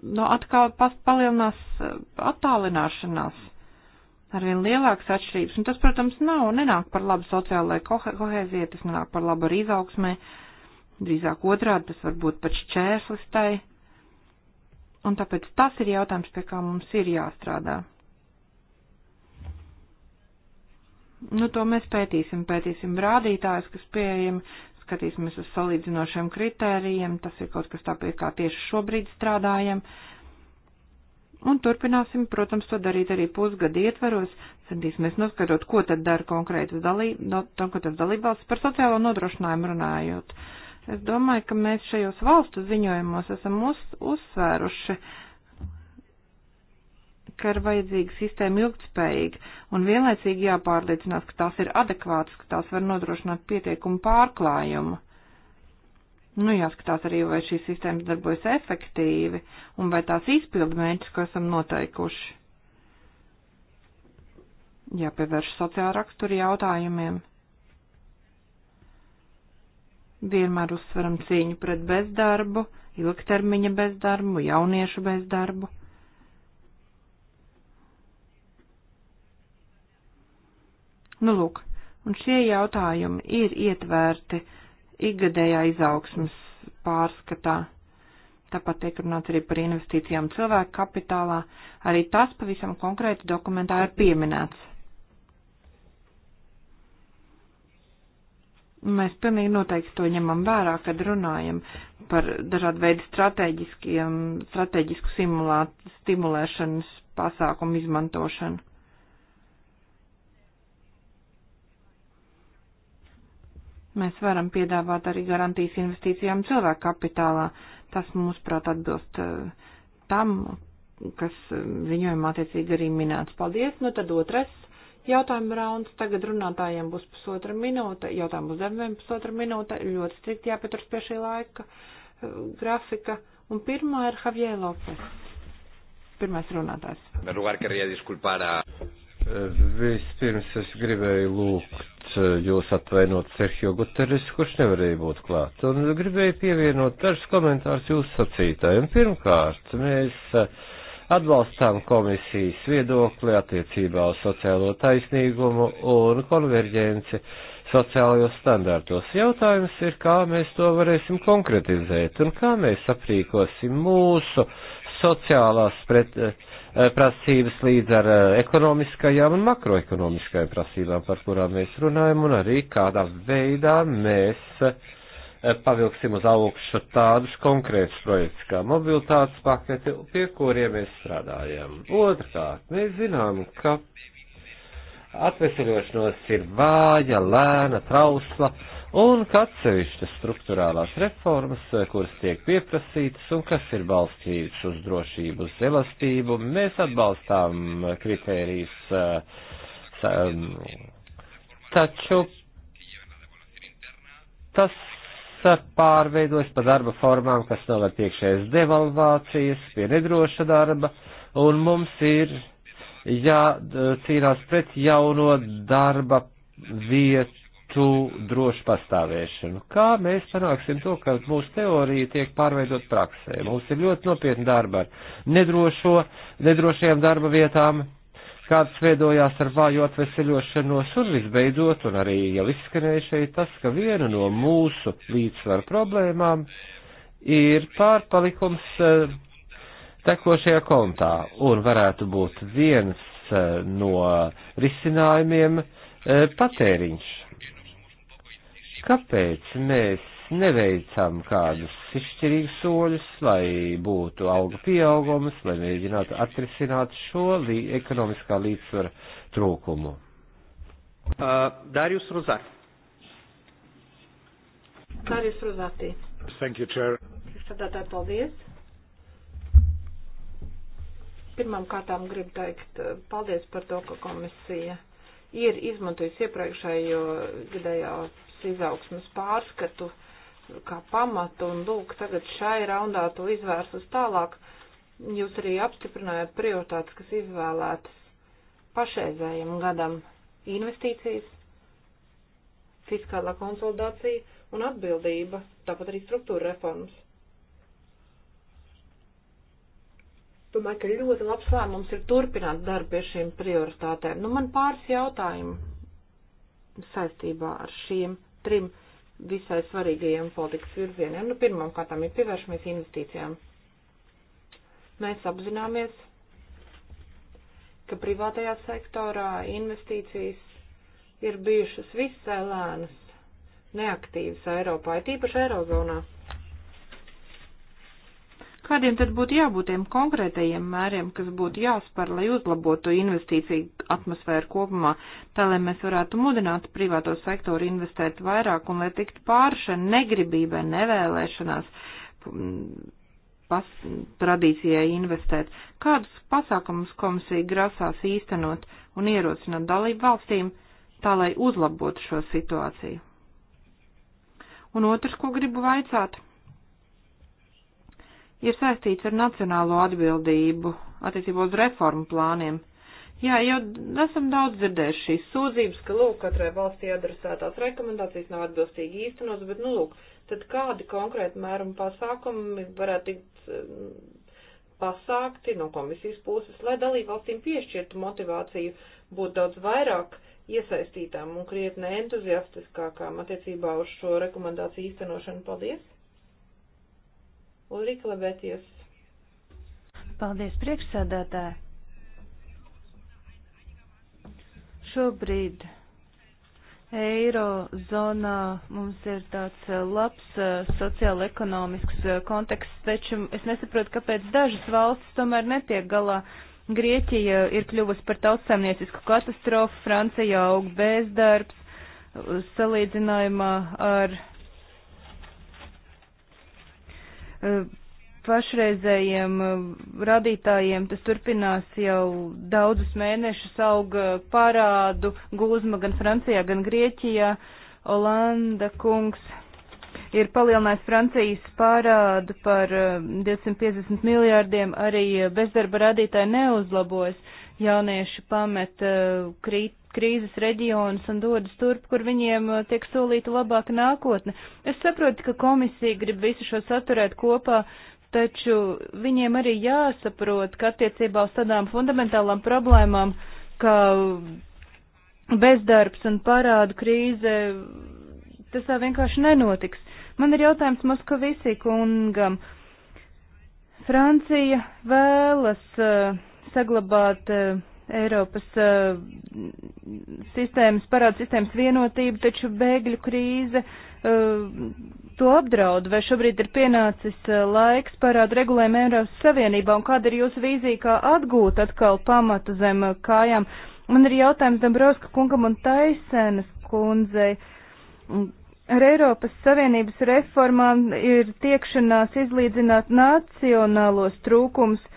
no nu, atkal palielinās uh, attālināšanās arvien lielākas atšķirības, un tas, protams, nav, nenāk par labu sociālajai kohēzijai, tas nenāk par labu arī izaugsmē, drīzāk otrādi tas var būt pat šķērslis tai, un tāpēc tas ir jautājums, pie kā mums ir jāstrādā. Nu, to mēs pētīsim, pētīsim rādītājus, kas pieejami, skatīsimies uz salīdzinošiem kritērijiem, tas ir kaut kas tā, pie kā tieši šobrīd strādājam. Un turpināsim, protams, to darīt arī pusgada ietvaros, centīsimies noskatot, ko tad dara konkrētas dalībvalsts dalība par sociālo nodrošinājumu runājot. Es domāju, ka mēs šajos valstu ziņojumos esam uz, uzsvēruši uh, ka ir vajadzīga sistēma ilgtspējīga un vienlaicīgi jāpārliecinās, ka tās ir adekvātas, ka tās var nodrošināt pietiekumu pārklājumu. Nu, jāskatās arī, vai šīs sistēmas darbojas efektīvi un vai tās izpildu mērķus, ko esam noteikuši. Jāpievērš sociāla rakstura jautājumiem. Vienmēr uzsveram cīņu pret bezdarbu, ilgtermiņa bezdarbu, jauniešu bezdarbu Nu, lūk, un šie jautājumi ir ietvērti ikgadējā izaugsmas pārskatā. Tāpat tiek runāts arī par investīcijām cilvēku kapitālā. Arī tas pavisam konkrēti dokumentā ir pieminēts. Mēs pilnīgi noteikti to ņemam vērā, kad runājam par dažādu veidu strateģisku simulāt, stimulēšanas pasākumu izmantošanu. Mēs varam piedāvāt arī garantijas investīcijām cilvēku kapitālā. Tas, mūsuprāt, atbilst eh, tam, kas eh, ziņojumā attiecīgi arī minēts. Paldies! Nu tad otrais jautājuma rauns. Tagad runātājiem būs pusotra minūte, jautājumu uzdevumiem pusotra minūte. Ļoti strikti jāpieturas pie šī laika eh, grafika. Un pirmā ir Javier Lopes. Pirmais runātājs. Vispirms es gribēju lūgt eh, jūs atvainot Serhio Guteres, kurš nevarēja būt klāt, un gribēju pievienot dažus komentārus jūsu sacītājiem. Pirmkārt, mēs eh, atbalstām komisijas viedokli attiecībā uz sociālo taisnīgumu un konverģenci sociālajos standartos. Jautājums ir, kā mēs to varēsim konkretizēt un kā mēs aprīkosim mūsu sociālās pret, eh, eh, prasības līdz ar eh, ekonomiskajām un makroekonomiskajām prasībām, par kurām mēs runājam, un arī kādā veidā mēs pavilksim uz augšu tādus konkrētus projektus kā mobilitātes paketi, pie kuriem mēs strādājam. Otrkārt, mēs zinām, ka atvesaļošanos ir vāja, lēna, trausla un ka atsevišķas struktūrālās reformas, eh, kuras tiek pieprasītas un kas ir balstītas uz drošību, uz elastību, mēs atbalstām kritērijas, eh, um, taču tas eh, pārveidojas pa darba formām, kas noved iekšējas devalvācijas, pie nedroša darba, un mums ir jācīnās pret jauno darba vietu produktu drošu pastāvēšanu. Kā mēs panāksim to, ka mūsu teorija tiek pārveidot praksē? Mums ir ļoti nopietni darba ar nedrošo, nedrošajām darba vietām, kāds veidojās ar vāju atveseļošanos un visbeidzot, un arī jau izskanēja šeit tas, ka viena no mūsu līdzsvaru problēmām ir pārpalikums eh, tekošajā kontā un varētu būt viens eh, no risinājumiem eh, patēriņš. Kāpēc mēs neveicam kādus izšķirīgus soļus, lai būtu auga pieaugums, lai mēģinātu atrisināt šo lī, ekonomiskā līdzsvara trūkumu? Uh, Dārjus Rozār. Dārjus Rozātī. Thank you, Chair. Priekšsādātāji, paldies. Pirmām kārtām gribu teikt uh, paldies par to, ka komisija ir izmantojusi iepriekšējo vidējās izaugsmas pārskatu kā pamatu, un lūk, tagad šai raundā to izvērsas tālāk. Jūs arī apstiprinājāt prioritātes, kas izvēlētas pašreizējiem gadam - investīcijas, fiskālā konsolidācija un atbildība, tāpat arī struktūra reformas. Domāju, ka ļoti labs lēmums ir turpināt darbu pie šīm prioritātēm. Nu, man pāris jautājumu saistībā ar šīm trim visai svarīgajiem politikas virzieniem. Nu, pirmam kārtām ir pievēršamies investīcijām. Mēs apzināmies, ka privātajā sektorā investīcijas ir bijušas visai lēnas, neaktīvas Eiropā, it īpaši Eirozonā. Kādiem tad būtu jābūt tiem konkrētajiem mēriem, kas būtu jāspēr, lai uzlabotu investīciju atmosfēru kopumā, tā lai mēs varētu mudināt privāto sektoru investēt vairāk un lai tiktu pārša negribībai, nevēlēšanās mm, pas, tradīcijai investēt, kādus pasākumus komisija grasās īstenot un ierosināt dalību valstīm, tā lai uzlabotu šo situāciju. Un otrs, ko gribu vaicāt ir saistīts ar nacionālo atbildību attiecībā uz reformu plāniem. Jā, jau esam daudz dzirdējuši šīs sūdzības, ka, lūk, katrai valstī adresētās rekomendācijas nav atbilstīgi īstenos, bet, nu, lūk, tad kādi konkrēti mērumi pasākumi varētu tikt mm, pasākti no komisijas puses, lai dalību valstīm piešķirtu motivāciju būt daudz vairāk iesaistītām un krietni entuziastiskākām attiecībā uz šo rekomendāciju īstenošanu. Paldies! Ulrika Lebētijas. Paldies, priekšsēdētāji. Šobrīd Eirozonā mums ir tāds eh, labs eh, sociāla-ekonomisks eh, konteksts, taču es nesaprotu, kāpēc dažas valstis tomēr netiek galā. Grieķija ir kļuvusi par tautsēmniecisku katastrofu, Francijā aug bezdarbs, salīdzinājumā ar pašreizējiem eh, radītājiem tas turpinās jau daudzus mēnešus auga parādu gūzma gan Francijā, gan Grieķijā. Olanda kungs ir palielinājis Francijas pārādu par 250 eh, miljārdiem, arī eh, bezdarba radītāji neuzlabojas, jaunieši pamet krīt krīzes reģionus un dodas turp, kur viņiem uh, tiek solīta labāka nākotne. Es saprotu, ka komisija grib visu šo saturēt kopā, taču viņiem arī jāsaprot, ka attiecībā uz tādām fundamentālām problēmām, kā bezdarbs un parādu krīze, tas tā vienkārši nenotiks. Man ir jautājums Moskavisī kungam. Francija vēlas uh, saglabāt uh, Eiropas uh, sistēmas, parāda sistēmas vienotību, taču bēgļu krīze uh, to apdraud. Vai šobrīd ir pienācis uh, laiks parāda regulējumu Eiropas Savienībā un kāda ir jūsu vīzija, kā atgūt atkal pamatu zem uh, kājām? Man ir jautājums Dabrauska kungam un Taisēnas kundzei. Ar Eiropas Savienības reformām ir tiekšanās izlīdzināt nacionālos trūkums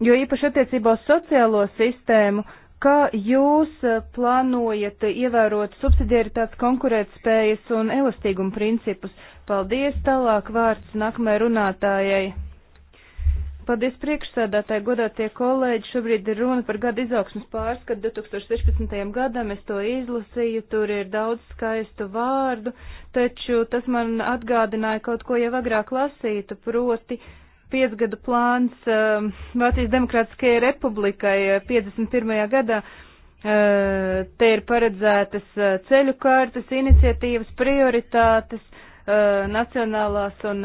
jo īpaši attiecībā uz sociālo sistēmu, kā jūs eh, plānojat ievērot subsidiaritātes konkurētspējas un elastīguma principus? Paldies, tālāk vārds nākamajai runātājai. Paldies priekšsēdātāji, godātie kolēģi. Šobrīd ir runa par gada izaugsmas pārskatu 2016. gadam. Es to izlasīju, tur ir daudz skaistu vārdu, taču tas man atgādināja kaut ko jau agrāk lasītu, proti uh, piecgadu plāns um, Vācijas Demokrātiskajai republikai 51. Uh, gadā. Uh, te ir paredzētas uh, ceļu kārtas, iniciatīvas, prioritātes, nacionālās un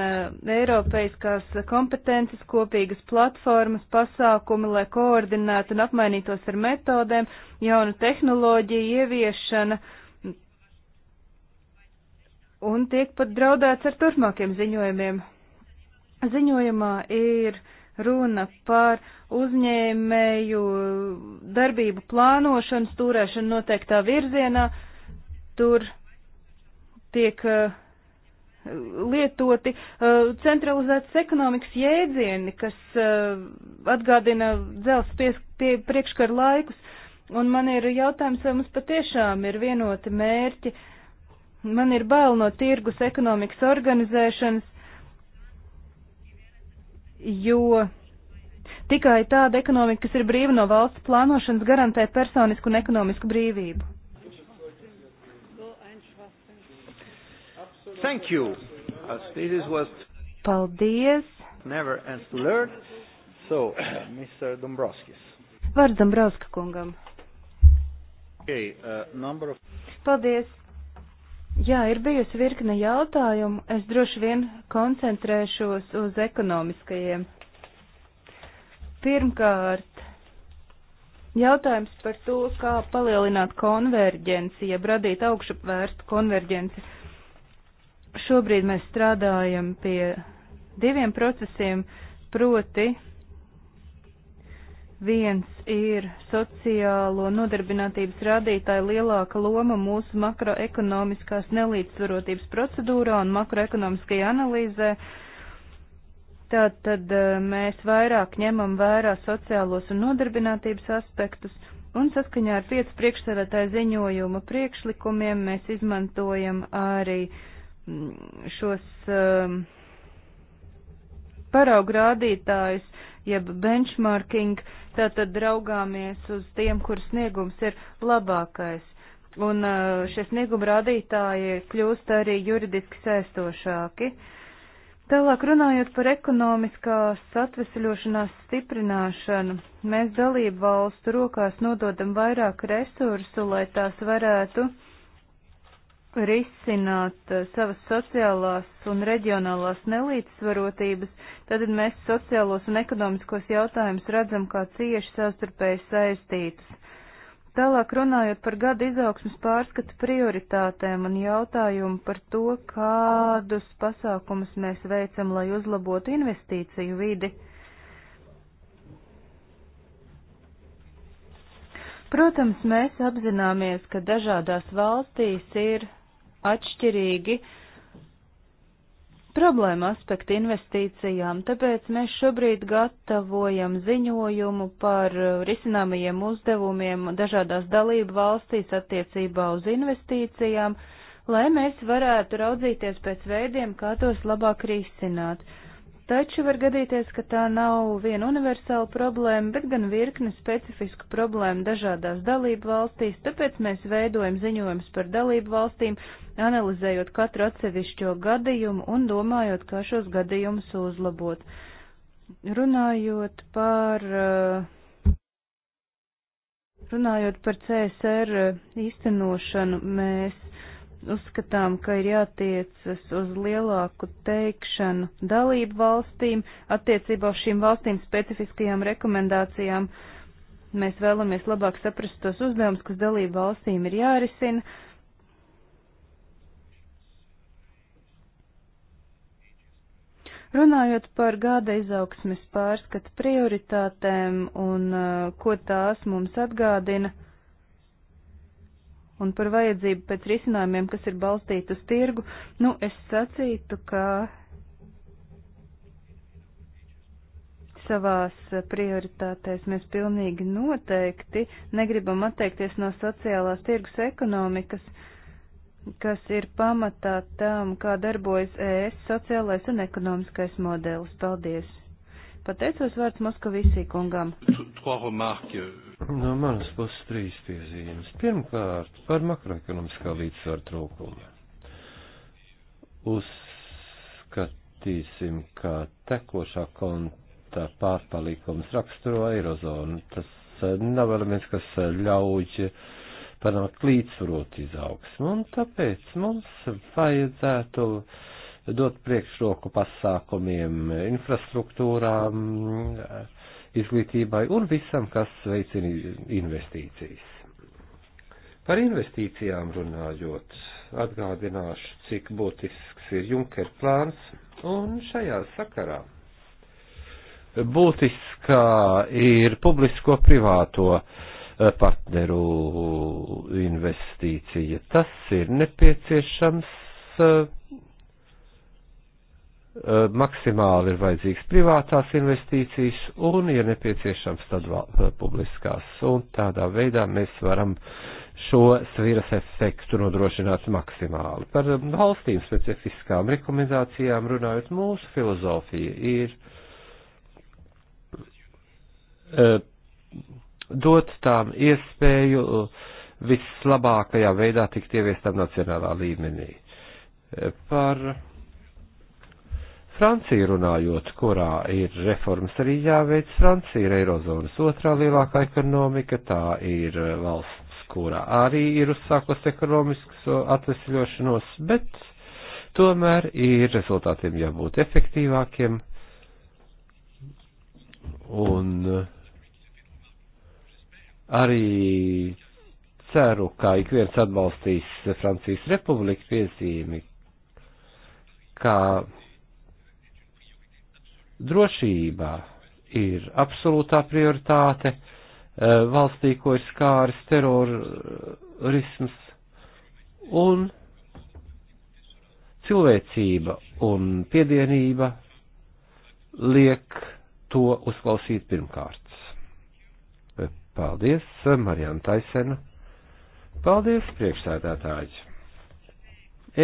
eiropeiskās kompetences, kopīgas platformas, pasākumi, lai koordinētu un apmainītos ar metodēm, jaunu tehnoloģiju ieviešana un tiek pat draudēts ar turpmākiem ziņojumiem Ziņojumā ir runa par uzņēmēju darbību plānošanu, stūrēšanu noteiktā virzienā. Tur tiek uh, lietoti uh, centralizētas ekonomikas jēdzieni, kas uh, atgādina dzels priekškaru laikus. Un man ir jautājums, vai mums patiešām ir vienoti mērķi. Man ir bail no tirgus ekonomikas organizēšanas, jo tikai tāda ekonomika, kas ir brīva no valsts plānošanas, garantē personisku un ekonomisku brīvību. Thank you. Was... Paldies. Never ends to learn. So, Mr. Dombrovskis. Vārds Dombrovska kungam. Okay, uh, of... Paldies. Jā, ir bijusi virkne jautājumu. Es droši vien koncentrēšos uz ekonomiskajiem. Pirmkārt, jautājums par to, kā palielināt konverģenci, jeb radīt augšupvērstu konverģenci. Šobrīd mēs strādājam pie diviem procesiem, proti Viens ir sociālo nodarbinātības rādītāja lielāka loma mūsu makroekonomiskās nelīdzsvarotības procedūrā un makroekonomiskajā analīzē. Tātad eh, mēs vairāk ņemam vērā sociālos un nodarbinātības aspektus, un saskaņā ar piecu priekšsēdētāju ziņojuma priekšlikumiem mēs izmantojam arī mm, šos um, eh, paraugrādītājus, jeb benchmarking, tātad raugāmies uz tiem, kur sniegums ir labākais. Un šie snieguma rādītāji kļūst arī juridiski saistošāki. Tālāk runājot par ekonomiskās atvesļošanās stiprināšanu, mēs dalību valstu rokās nododam vairāk resursu, lai tās varētu uh, risināt eh, savas sociālās un reģionālās nelīdzsvarotības, tad mēs sociālos un ekonomiskos jautājumus redzam kā cieši savstarpēji saistītus. Tālāk runājot par gada izaugsmas pārskatu prioritātēm un jautājumu par to, kādus pasākumus mēs veicam, lai uzlabotu investīciju vidi. Protams, mēs apzināmies, ka dažādās valstīs ir atšķirīgi problēma aspekti investīcijām, tāpēc mēs šobrīd gatavojam ziņojumu par risināmajiem uzdevumiem dažādās dalību valstīs attiecībā uz investīcijām, lai mēs varētu raudzīties pēc veidiem, kā tos labāk risināt. Taču var gadīties, ka tā nav viena universāla problēma, bet gan virkne specifisku problēmu dažādās dalību valstīs, tāpēc mēs veidojam ziņojumus par dalību valstīm, analizējot katru atsevišķo gadījumu un domājot, kā šos gadījumus uzlabot. Runājot par, eh, runājot par CSR eh, īstenošanu, mēs uzskatām, ka ir jātiecas uz lielāku teikšanu dalību valstīm attiecībā uz šīm valstīm specifiskajām rekomendācijām. Mēs vēlamies labāk saprast tos uzdevumus, kas dalību valstīm ir jārisina. Runājot par gada izaugsmes pārskatu prioritātēm un uh, ko tās mums atgādina, uh, un par vajadzību pēc risinājumiem, kas ir balstīti uz tirgu, nu, es sacītu, ka savās prioritātēs mēs pilnīgi noteikti negribam atteikties no sociālās tirgus ekonomikas, kas ir pamatā tam, kā darbojas ES sociālais un ekonomiskais modelis. Paldies! Pateicos vārds Moskavisī kungam. No manas puses trīs piezīmes. Pirmkārt, par makroekonomiskā līdzsvara trūkumu. Uzskatīsim, ka tekošā konta pārpalikums raksturo eirozonu. Tas eh, nav elements, kas eh, ļauj panākt līdzsvarot izaugsmu, un tāpēc mums vajadzētu uh, dot priekšroku pasākumiem, infrastruktūrām, izglītībai un visam, kas veicina investīcijas. Par investīcijām runājot, atgādināšu, cik būtisks ir Junker plāns un šajā sakarā. Būtiskā ir publisko-privāto uh, eh, partneru investīcija. Tas ir nepieciešams eh, Eh, maksimāli ir vajadzīgs privātās investīcijas un, ja nepieciešams, tad eh, publiskās. Un tādā veidā mēs varam šo sviras efektu nodrošināt maksimāli. Par eh, valstīm specifiskām rekomendācijām runājot, mūsu filozofija ir dot tām iespēju vislabākajā veidā tikt ieviestam nacionālā līmenī. Par Francija runājot, kurā ir reformas arī jāveic, Francija ir Eirozonas otrā lielākā ekonomika, tā ir valsts, kurā arī ir uzsākos ekonomiskas atvesļošanos, bet tomēr ir rezultātiem jābūt efektīvākiem. Un arī ceru, ka ik viens atbalstīs Francijas republiku piezīmi, ka Drošībā ir absolūtā prioritāte eh, valstī, ko ir skāris terorisms un cilvēcība un piedienība liek to uzklausīt pirmkārt. Paldies, Marijana Taisena. Paldies, priekšsēdētāji.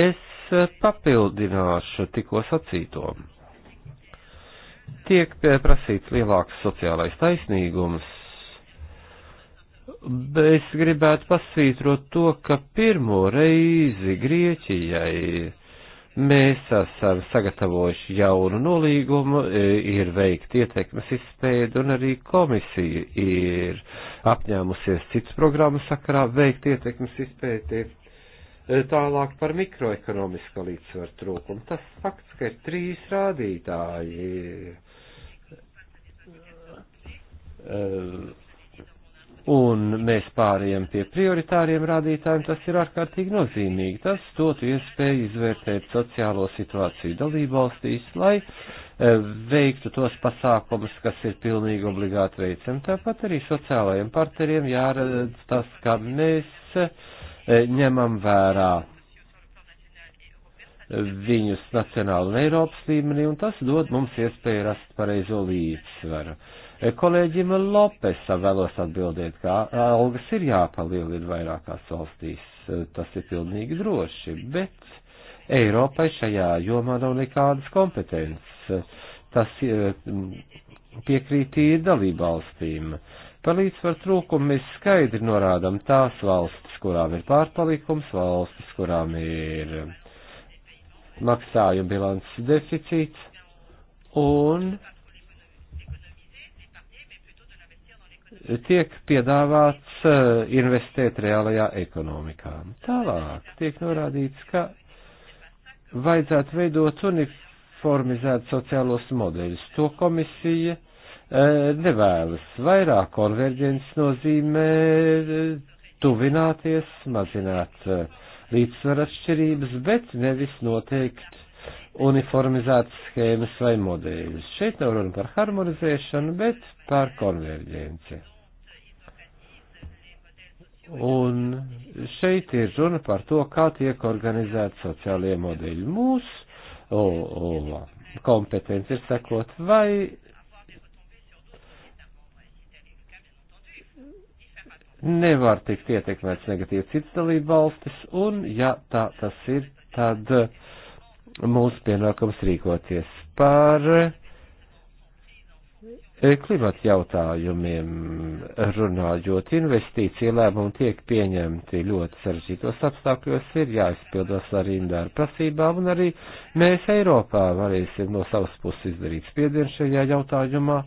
Es papildināšu tikko sacītom tiek prasīts lielāks sociālais taisnīgums, bet es gribētu pasvītrot to, ka pirmo reizi Grieķijai mēs esam sagatavojuši jaunu nolīgumu, e, ir veikt ietekmes izpēdu un arī komisija ir apņēmusies cits programmas sakarā veikt ietekmes izpēdi E, tālāk par mikroekonomisko līdzsvaru trūkumu. Tas fakts, ka ir trīs rādītāji. E, un mēs pārējām pie prioritāriem rādītājiem, tas ir ārkārtīgi nozīmīgi. Tas dotu iespēju izvērtēt sociālo situāciju dalībvalstīs, lai e, veiktu tos pasākumus, kas ir pilnīgi obligāti veicam. Tāpat arī sociālajiem partneriem jāredz tas, kā mēs uh, E, ņemam vērā viņus nacionālu un Eiropas līmenī, un tas dod mums iespēju rast pareizo līdzsvaru. E, kolēģim Lopesa vēlos atbildēt, ka algas ir jāpalielina vairākās valstīs, e, tas ir pilnīgi droši, bet Eiropai šajā jomā nav nekādas kompetences. Tas piekrīt ir dalībvalstīm. Par līdzsvaru trūkumu mēs skaidri norādām tās valstis, kurām ir pārpalikums, valstis, kurām ir maksājuma bilances deficīts un tiek piedāvāts eh, investēt reālajā ekonomikā. Tālāk tiek norādīts, ka vajadzētu veidot uniformizēt sociālos modeļus. To komisija Eh, nevēlas. Vairāk konverģents nozīmē eh, tuvināties, mazināt eh, līdzsvaru atšķirības, bet nevis noteikt uniformizētas schēmas vai modeļus. Šeit nav runa par harmonizēšanu, bet par konverģenci. Un šeit ir runa par to, kā tiek organizēti sociālie modeļi. Mūsu kompetence ir sekot, vai nevar tikt ietekmēts negatīvi cits dalība valstis, un ja tā tas ir, tad mūsu pienākums rīkoties par e, klimata jautājumiem runājot. Investīcija lēmumi tiek pieņemti ļoti sarežģītos apstākļos, ir jāizpildas arī ar prasībām, un arī mēs Eiropā varēsim no savas puses izdarīt spiedienu šajā jautājumā.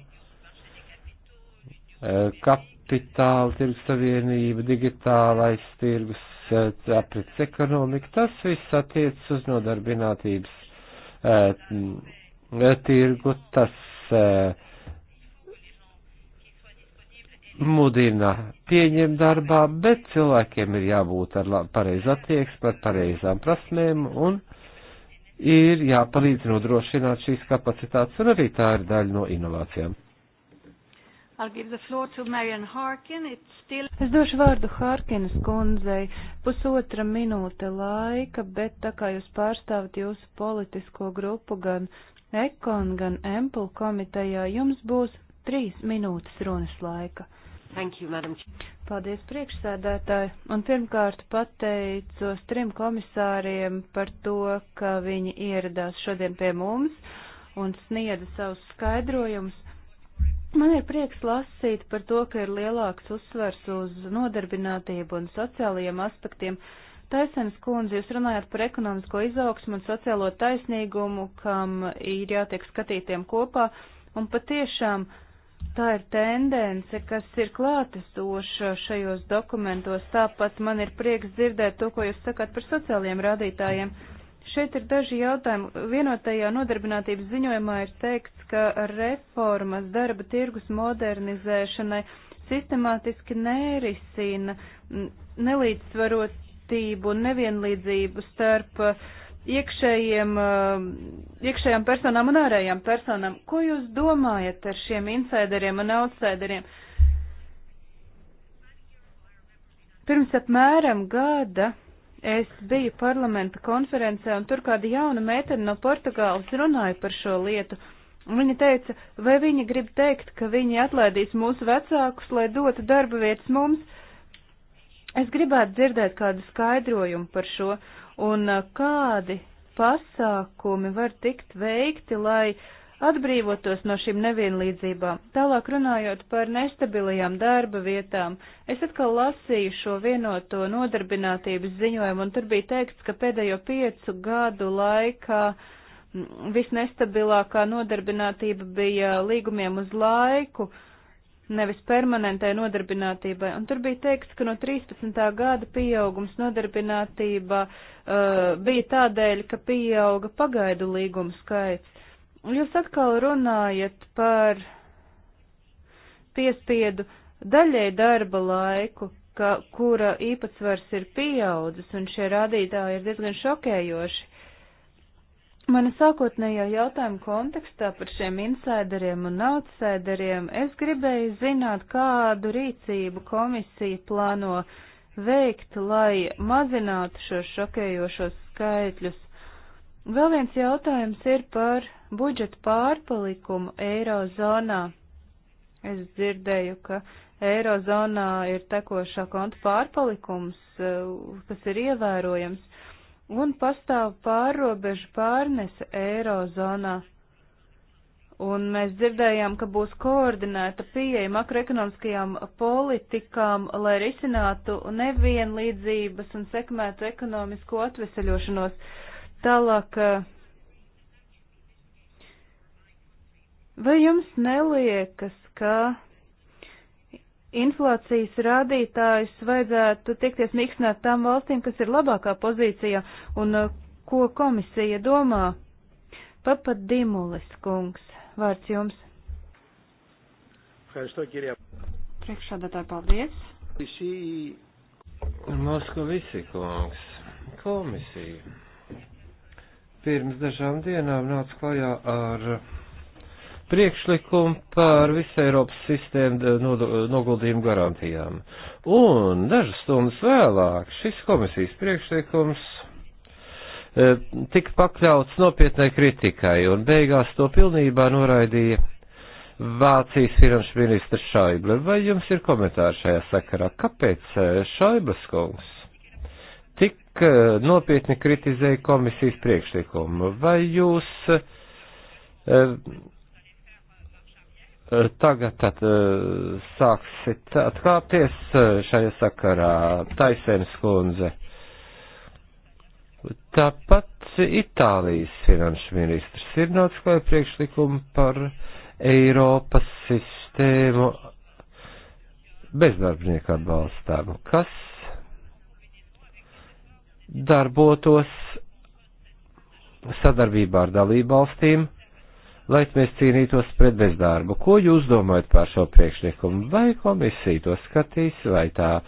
E, kap kapitāla tirgus savienība, digitālais tirgus, eh, aprits ekonomika, tas viss attiecas uz nodarbinātības eh, tirgu, tas eh, mudina pieņemt darbā, bet cilvēkiem ir jābūt ar pareizu attieksmi, par pareizām prasmēm un ir jāpalīdz nodrošināt šīs kapacitātes, un arī tā ir daļa no inovācijām. Still... Es došu vārdu Harkinas kundzei. Pusotra minūte laika, bet tā kā jūs pārstāvat jūsu politisko grupu gan Ekon, gan Empul komitejā, jums būs trīs minūtes runas laika. Thank you, madam. Paldies priekšsēdētāji, un pirmkārt pateicos trim komisāriem par to, ka viņi ieradās šodien pie mums un sniedza savus skaidrojumus. Man ir prieks lasīt par to, ka ir lielāks uzsvers uz nodarbinātību un sociālajiem aspektiem. Taisens kundze, jūs runājat par ekonomisko izaugsmu un sociālo taisnīgumu, kam ir jātiek skatītiem kopā, un patiešām tā ir tendence, kas ir klātesoša šajos dokumentos. Tāpat man ir prieks dzirdēt to, ko jūs sakāt par sociālajiem rādītājiem. Mm. Šeit ir daži jautājumi. Vienotajā nodarbinātības ziņojumā ir teikts, ka reformas darba tirgus modernizēšanai sistemātiski nerisina nelīdzsvarotību un nevienlīdzību starp uh, iekšējiem, uh, iekšējām personām un ārējām personām. Ko jūs domājat ar šiem insideriem un outsideriem? Pirms apmēram gada Es biju parlamenta konferencē un tur kāda jauna meitene no Portugāles runāja par šo lietu. Un viņa teica, vai viņa grib teikt, ka viņi atlaidīs mūsu vecākus, lai dotu darba vietas mums. Es gribētu dzirdēt kādu skaidrojumu par šo un uh, kādi pasākumi var tikt veikti, lai uh, atbrīvotos no šīm nevienlīdzībām. Tālāk runājot par nestabilajām darba vietām, es atkal lasīju šo vienoto nodarbinātības ziņojumu, un tur bija teikts, ka pēdējo piecu gadu laikā visnestabilākā nodarbinātība bija līgumiem uz laiku, nevis permanentai nodarbinātībai. Un tur bija teikts, ka no 13. gada pieaugums nodarbinātība uh, bija tādēļ, ka pieauga pagaidu līgumu skaits. Jūs atkal runājat par piespiedu daļai darba laiku, ka, kura īpatsvars ir pieaudzis, un šie rādītāji ir diezgan šokējoši. Mana sākotnējā jautājuma kontekstā par šiem insēderiem un outsēderiem es gribēju zināt, kādu rīcību komisija plāno veikt, lai mazinātu šos šokējošos skaitļus. Vēl viens jautājums ir par budžeta pārpalikumu Eirozonā. Es dzirdēju, ka Eirozonā ir tekošā konta pārpalikums, eh, kas ir ievērojams, un pastāv pārrobežu pārnese Eirozonā. Un mēs dzirdējām, ka būs koordinēta pieeja makroekonomiskajām politikām, lai risinātu nevienlīdzības un sekmētu ekonomisko atveseļošanos. Tālāk, vai jums neliekas, ka inflācijas rādītājus vajadzētu tiekties mīkstināt tām valstīm, kas ir labākā pozīcijā un ko komisija domā? Papat Dimulis kungs, vārds jums. Priekšādātāji, paldies. Šī Moskva visi kungs, komisija pirms dažām dienām nāca klajā ar priekšlikumu par visu Eiropas sistēmu noguldījumu garantijām. Un dažas stundas vēlāk šis komisijas priekšlikums e, tika pakļauts nopietnai kritikai un beigās to pilnībā noraidīja Vācijas finanšu ministrs Šaible. Vai jums ir komentāri šajā sakarā? Kāpēc e, Šaibles kungs pārāk nopietni kritizēja komisijas priekšlikumu. Vai jūs e, e, tagad tad, e, sāksit atkāpties šajā sakarā, Taisēns kundze? Tāpat Itālijas finanšu ministrs ir nācis klāja priekšlikumu par Eiropas sistēmu bezdarbnieku atbalstām, kas darbotos sadarbībā ar dalībvalstīm, lai mēs cīnītos pret bezdarbu. Ko jūs domājat par šo priekšlikumu? Vai komisija to skatīs, vai tā uh,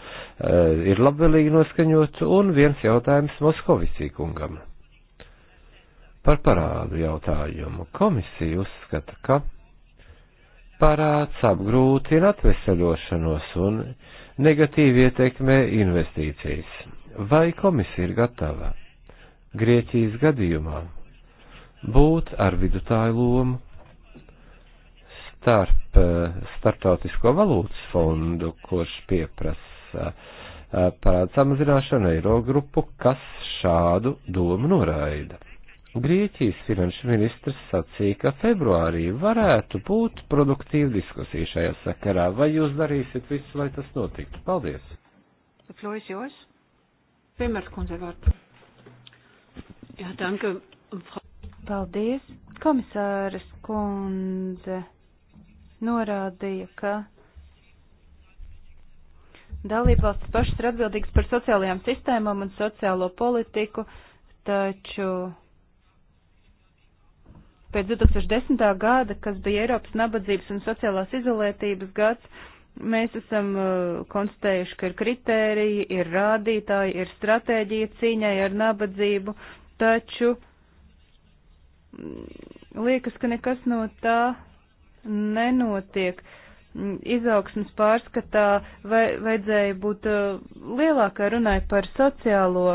ir labvēlīgi noskaņots? Un viens jautājums Moskovici kungam. Par parādu jautājumu. Komisija uzskata, ka parāds apgrūtina atveseļošanos un negatīvi ietekmē investīcijas. Vai komisija ir gatava Grieķijas gadījumā būt ar vidutāju lomu starp eh, Startautisko valūtas fondu, kurš pieprasa eh, parādu samazināšanu eiro grupu, kas šādu domu noraida? Grieķijas finanšu ministrs sacīja, ka februārī varētu būt produktīva diskusija šajā sakarā. Vai jūs darīsiet visu, lai tas notiktu? Paldies! The floor is yours. Piemērs kundze vārdu. Jā, danka. Paldies. Komisāras kundze norādīja, ka dalībvalstis pašas ir atbildīgas par sociālajām sistēmām un sociālo politiku, taču pēc 2010. gada, kas bija Eiropas nabadzības un sociālās izolētības gads, Mēs esam uh, konstatējuši, ka ir kritēriji, ir rādītāji, ir stratēģija cīņai ar nabadzību, taču mm, liekas, ka nekas no tā nenotiek. Mm, izaugsmas pārskatā vajadzēja būt uh, lielākai runai par sociālo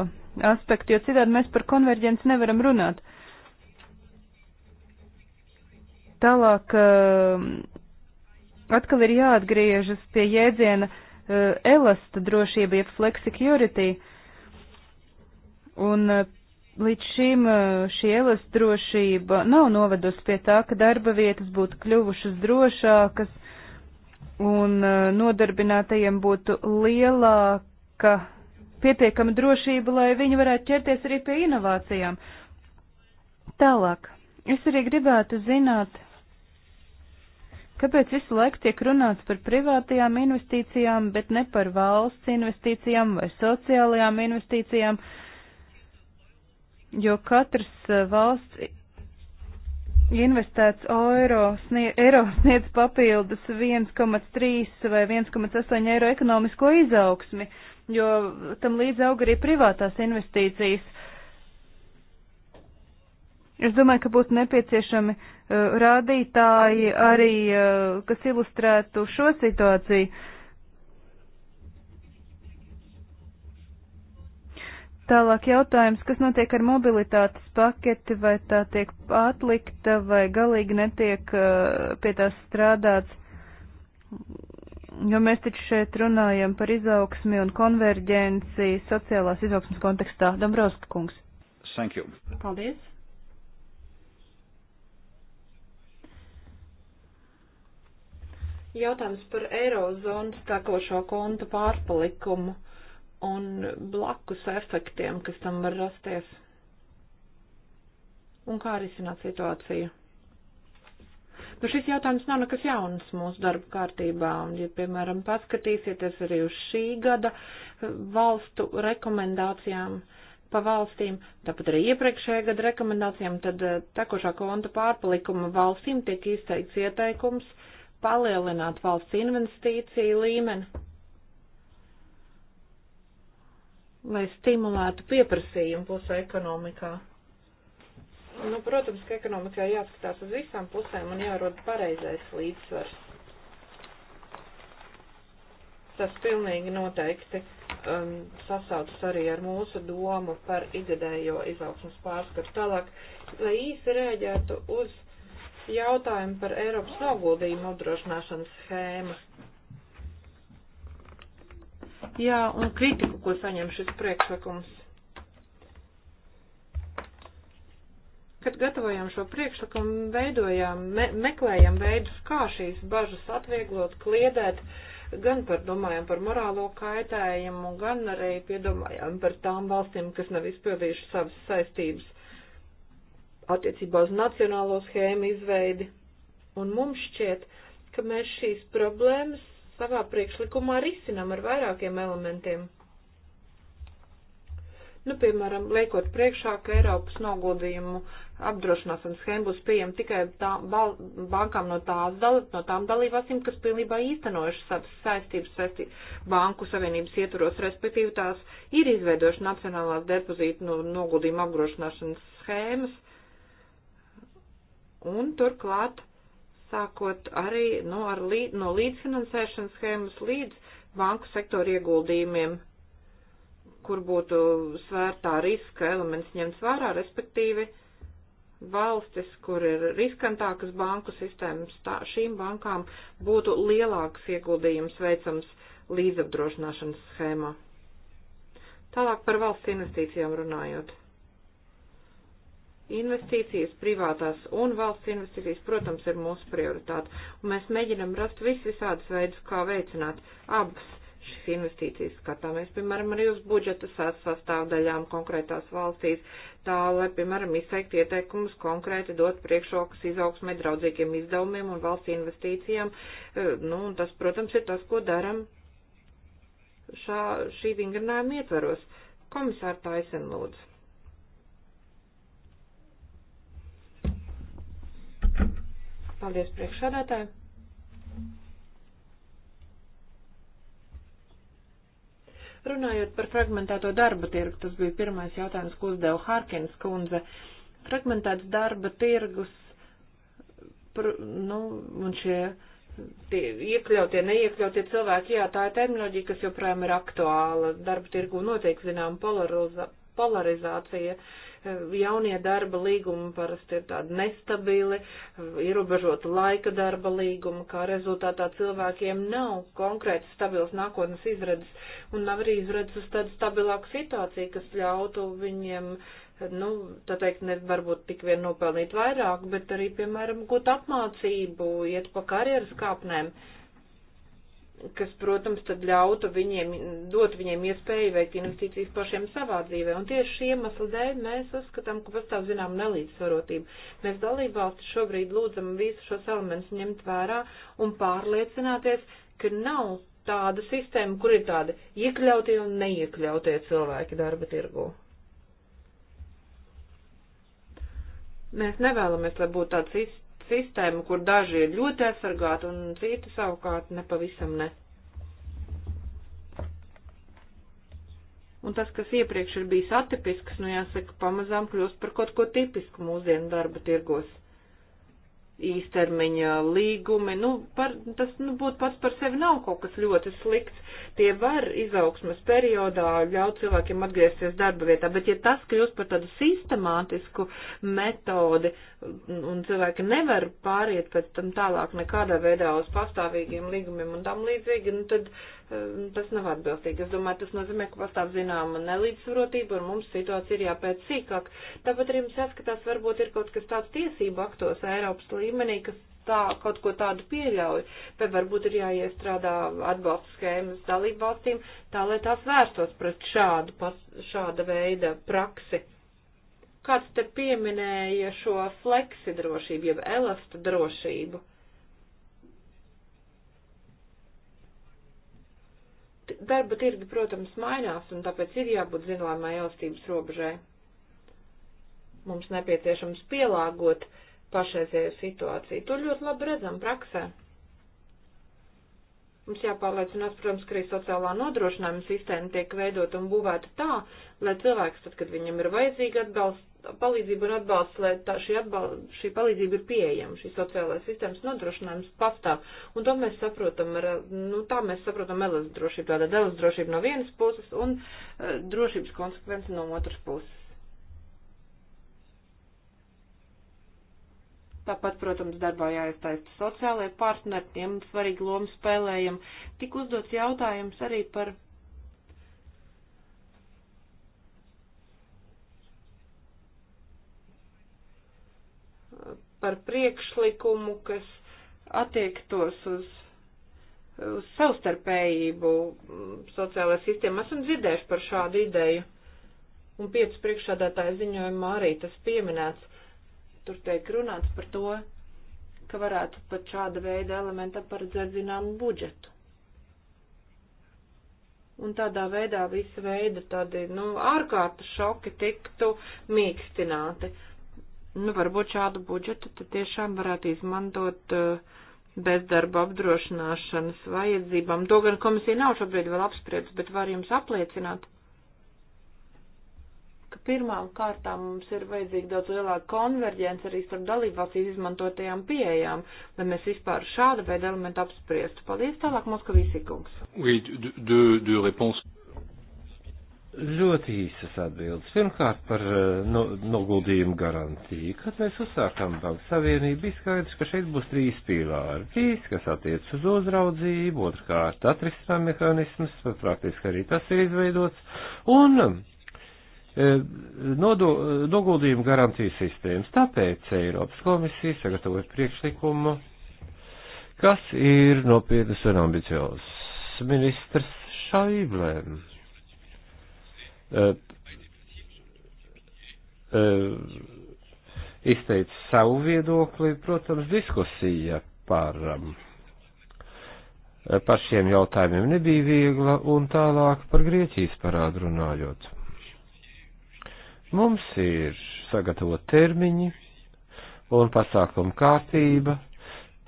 aspektu, jo citādi mēs par konverģenci nevaram runāt. Tālāk uh, atkal ir jāatgriežas pie jēdziena uh, elasta drošība, jeb flexicurity. Un uh, līdz šim uh, šī elasta drošība nav novedusi pie tā, ka darba vietas būtu kļuvušas drošākas un uh, nodarbinātajiem būtu lielāka pietiekama drošība, lai viņi varētu ķerties arī pie inovācijām. Tālāk. Es arī gribētu zināt, Kāpēc visu laiku tiek runāts par privātajām investīcijām, bet ne par valsts investīcijām vai sociālajām investīcijām? Jo katrs eh, valsts investēts eiro, snie, eiro sniedz papildus 1,3 vai 1,8 eiro ekonomisko izaugsmi, jo tam līdz aug arī privātās investīcijas. Es domāju, ka būtu nepieciešami uh, Eh, rādītāji arī, eh, kas ilustrētu šo situāciju. Tālāk jautājums, kas notiek ar mobilitātes paketi, vai tā tiek atlikta, vai galīgi netiek eh, pie tās strādāts, jo mēs taču šeit runājam par izaugsmi un konverģenci sociālās izaugsmas kontekstā. Dombrovska kungs. Thank you. Paldies. Jautājums par eirozonas tekošo kontu pārpalikumu un blakus efektiem, kas tam var rasties. Un kā arī sināt situāciju? Nu, šis jautājums nav nekas jauns mūsu darba kārtībā, un, ja, piemēram, paskatīsieties arī uz šī gada eh, valstu rekomendācijām pa valstīm, tāpat arī iepriekšējā gada rekomendācijām, tad eh, tekošā konta pārpalikuma valstīm tiek izteikts ieteikums uh, palielināt valsts investīciju līmeni, lai stimulētu pieprasījumu pusē ekonomikā. Nu, protams, ka ekonomikā jāskatās uz visām pusēm un jārod pareizais līdzsvars. Tas pilnīgi noteikti um, sasaucas arī ar mūsu domu par igadējo izaugsmas pārskatu. Tālāk, lai īsi rēģētu uz jautājumu par Eiropas noguldījumu apdrošināšanas schēmu. Jā, un kritiku, ko saņem šis priekšlikums. Kad gatavojam šo priekšlikumu, veidojām, me, meklējam veidus, kā šīs bažas atvieglot, kliedēt, gan par domājam par morālo kaitējumu, gan arī piedomājam par tām valstīm, kas nav izpildījušas savas saistības attiecībā uz nacionālo schēmu izveidi. Un mums šķiet, ka mēs šīs problēmas savā priekšlikumā risinam ar vairākiem elementiem. Nu, piemēram, liekot priekšā, ka Eiropas noguldījumu apdrošināšanas schēma būs pieejama tikai tā, bal, bankām no, tās, no tām dalībvalstīm, kas pilnībā īstenojuši savas saistības saistī, banku savienības ietvaros, respektīvi tās ir izveidojuši nacionālās depozītu no, noguldījumu apdrošināšanas schēmas un turklāt sākot arī no, nu, ar līd, no līdzfinansēšanas schēmas līdz banku sektoru ieguldījumiem, kur būtu svērtā riska elements ņemts vērā, respektīvi valstis, kur ir riskantākas banku sistēmas, tā, šīm bankām būtu lielāks ieguldījums veicams līdzapdrošināšanas schēmā. Tālāk par valsts investīcijām runājot investīcijas, privātās un valsts investīcijas, protams, ir mūsu prioritāte. Un mēs mēģinam rast vis visādus veidus, kā veicināt abas šīs investīcijas. Skatāmies, piemēram, arī uz budžeta sastāvdaļām konkrētās valstīs, tā, lai, piemēram, izteikt ieteikumus konkrēti dot priekšrokas izaugsmē draudzīgiem izdevumiem un valsts investīcijām. E, nu, un tas, protams, ir tas, ko daram šā, šī vingrinājuma ietveros. Komisār Taisen lūdzu. Paldies priekšsādātāji. Runājot par fragmentēto darba tirgu, tas bija pirmais jautājums, ko uzdeva Harkins kundze. Fragmentēts darba tirgus, pr, nu, un šie tie iekļautie, neiekļautie cilvēki, jā, tā ir terminoloģija, kas joprojām ir aktuāla. Darba tirgu notiek, zinām, polariza, polarizācija. Uh, jaunie darba līgumi parasti ir tādi nestabili, ierobežota laika darba līguma, kā rezultātā cilvēkiem nav konkrēti stabils nākotnes izredzes un nav arī izredzes uz tādu stabilāku situāciju, kas ļautu viņiem, nu, tā teikt, ne varbūt tik vien nopelnīt vairāk, bet arī, piemēram, gūt apmācību, iet pa karjeras kāpnēm. Uh, kas, protams, tad ļautu viņiem, dot viņiem iespēju veikt investīcijas pašiem savā dzīvē. Un tieši šī iemesla dēļ mēs uzskatām, ka pastāv zinām nelīdzsvarotība. Mēs dalībvalsti šobrīd lūdzam visus šos elementus ņemt vērā un pārliecināties, ka nav tāda sistēma, kur ir tādi iekļautie un neiekļautie cilvēki darba tirgu. Mēs nevēlamies, lai būtu tāds sistēmu, kur daži ir ļoti aizsargāti un citi savukārt nepavisam ne. Un tas, kas iepriekš ir bijis atipisks, nu jāsaka, pamazām kļūst par kaut ko tipisku mūsdienu darba tirgos. Īstermiņa līgumi, nu, par, tas, nu, būtu pats par sevi nav kaut kas ļoti slikts. Tie var izaugsmas periodā ļaut cilvēkiem atgriezties darba vietā, bet ja tas kļūst par tādu sistemātisku metodi, uh, un cilvēki nevar pāriet pēc tam tālāk nekādā veidā uz pastāvīgiem līgumiem un tam līdzīgi, nu tad eh, tas nav atbilstīgi. Es domāju, tas nozīmē, ka pastāv zināma nelīdzsvarotība un mums situācija ir jāpēc sīkāk. Tāpat arī mums jāskatās, varbūt ir kaut kas tāds tiesību aktos Eiropas līmenī, kas tā, kaut ko tādu pieļauj, vai varbūt ir jāiestrādā atbalsta schēmas dalību valstīm, tā lai tās vērstos pret šādu, pas, šāda veida praksi. Kāds te pieminēja šo fleksi drošību, jeb elasta drošību? Darba tirgi, protams, mainās, un tāpēc ir jābūt zināmai elastības robežai. Mums nepieciešams pielāgot pašreizējo situāciju. To ļoti labi redzam praksē. Mums jāpārliecinās, protams, ka arī sociālā nodrošinājuma sistēma tiek veidot un būvēta tā, lai cilvēks, tad, kad viņam ir vajadzīga atbalsta, palīdzība un atbalsts, lai tā, šī, atbal, šī palīdzība ir pieejama, šī sociālais sistēmas nodrošinājums pastāv. Un to mēs saprotam, ar, nu, tā mēs saprotam elas drošību, tāda elas drošība no vienas puses un uh, drošības konsekvence no otras puses. Tāpat, protams, darbā jāiesaista sociālajie partneri, tiem svarīgi lomu spēlējam. Tik uzdots jautājums arī par par priekšlikumu, kas attiektos uz, uz savstarpējību mm, sociālajā sistēmā. Esam dzirdējuši par šādu ideju. Un piecas priekšādātāja ziņojumā arī tas pieminēts. Tur tiek runāts par to, ka varētu pat šāda veida elementa paredzēt zināmu budžetu. Un tādā veidā visa veida tādi, nu, ārkārtas šoki tiktu mīkstināti. Uh, nu, varbūt šādu budžetu tad tiešām varētu izmantot eh, bezdarba apdrošināšanas vajadzībām. To gan komisija nav šobrīd vēl apspriedus, bet var jums apliecināt, ka pirmām kārtām mums ir vajadzīga daudz lielāka konverģence arī starp dalībvalstīs izmantotajām pieejām, lai mēs vispār šāda veida elementu apspriestu. Paldies tālāk, Moskavīsikungs. Oui, de, de, de réponse. Ļoti īsas atbildes. Pirmkārt par eh, no, noguldījumu garantiju. Kad mēs uzsākām Banku Savienību, bija skaidrs, ka šeit būs trīs pīlāri. Trīs, kas attiec uz uzraudzību, otrkārt atrisinām mehānismus, praktiski arī tas ir izveidots, un e, nodo, noguldījumu garantiju sistēmas. Tāpēc Eiropas komisija sagatavoja priekšlikumu, kas ir nopietnas un ambiciozas. Ministrs Šaiblēms Eh, eh, izteica savu viedokli, protams, diskusija par, um, eh, par šiem jautājumiem nebija viegla un tālāk par Grieķijas parādu runājot. Mums ir sagatavot termiņi un pasākuma kārtība,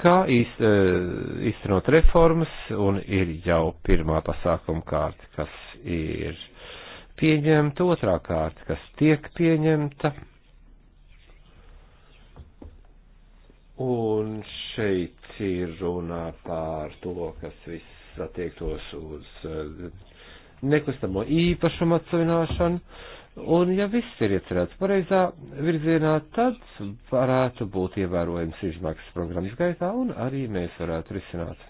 kā īstenot reformas, un ir jau pirmā pasākuma kārta, kas ir pieņemta, otrā kārta, kas tiek pieņemta. Un šeit ir runā pār to, kas viss attiektos uz eh, nekustamo īpašumu atsevināšanu. Un ja viss ir iecerēts pareizā virzienā, tad varētu būt ievērojams izmaksas programmas gaitā un arī mēs varētu risināt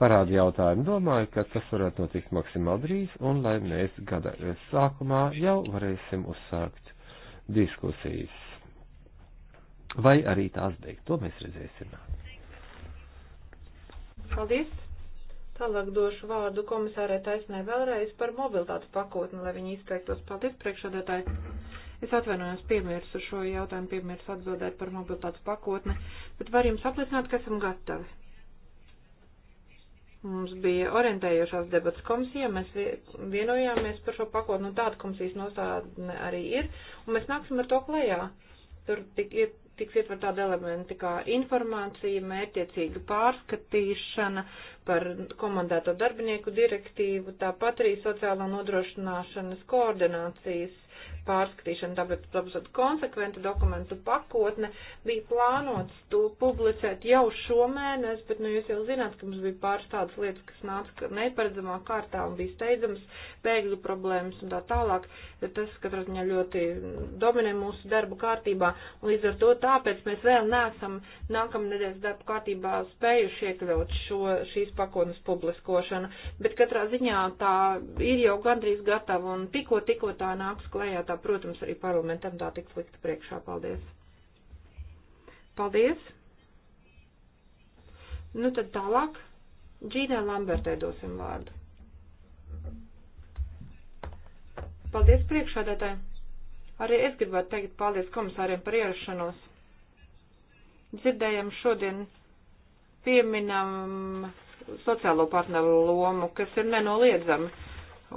parādu jautājumu. Domāju, ka tas varētu notikt maksimāli drīz, un lai mēs gada sākumā jau varēsim uzsākt diskusijas. Vai arī tās beigt, to mēs redzēsim. Paldies! Tālāk došu vārdu komisārai taisnē vēlreiz par mobilitātes pakotni, lai viņi izteiktos. Paldies, priekšsēdētāji! Es atvainojos piemirsu šo jautājumu, piemirsu atbildēt par mobilitātes pakotni, bet var jums apliecināt, ka esam gatavi Mums bija orientējošās debatas komisija, mēs vienojāmies par šo pakotni, un tāda komisijas nostādne arī ir, un mēs nāksim ar to klējā. Tur tik, ir, tiks ietver tāda elementi kā informācija, mērķiecīga pārskatīšana, par komandēto darbinieku direktīvu, tāpat arī sociālā nodrošināšanas koordinācijas pārskatīšana, tāpēc tāpēc konsekventa dokumentu pakotne bija plānots to publicēt jau šomēnes, bet, nu, jūs jau zināt, ka mums bija pāris tādas lietas, kas nāca neparedzamā kārtā un bija steidzams, bēgļu problēmas un tā tālāk, bet tas, katrā ziņā, ļoti dominē mūsu darbu kārtībā, un līdz ar to tāpēc mēs vēl neesam nākamnedēļas darbu kārtībā spējuši iekļaut šo, šīs pakotnes publiskošana, bet katrā ziņā tā ir jau gandrīz gatava un tikko, tikko tā nāks klējā, tā, protams, arī parlamentam tā tiks likta priekšā. Paldies! Paldies! Nu tad tālāk Džīnai Lambertai dosim vārdu. Paldies priekšādātājiem! Arī es gribētu teikt paldies komisāriem par ierašanos. Dzirdējam šodien pieminam sociālo partneru lomu, kas ir nenoliedzama.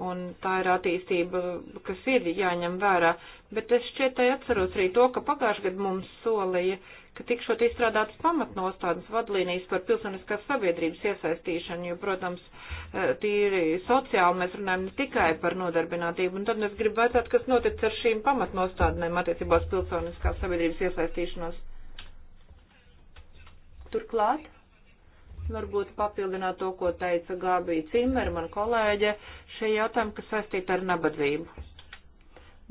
Un tā ir attīstība, kas ir jāņem vērā. Bet es šķiet, tai atceros arī to, ka pagājušajā gadā mums solīja, ka tikšot izstrādātas pamatnostādnes vadlīnijas par pilsoniskās sabiedrības iesaistīšanu, jo, protams, eh, tīri sociāli mēs runājam ne tikai par nodarbinātību, un tad es gribu vērtāt, kas notic ar šīm pamatnostādnēm attiecībās pilsoniskās sabiedrības iesaistīšanos. Turklāt varbūt papildināt to, ko teica Gābija Cimer, man kolēģe, šie jautājumi, kas saistīti ar nabadzību.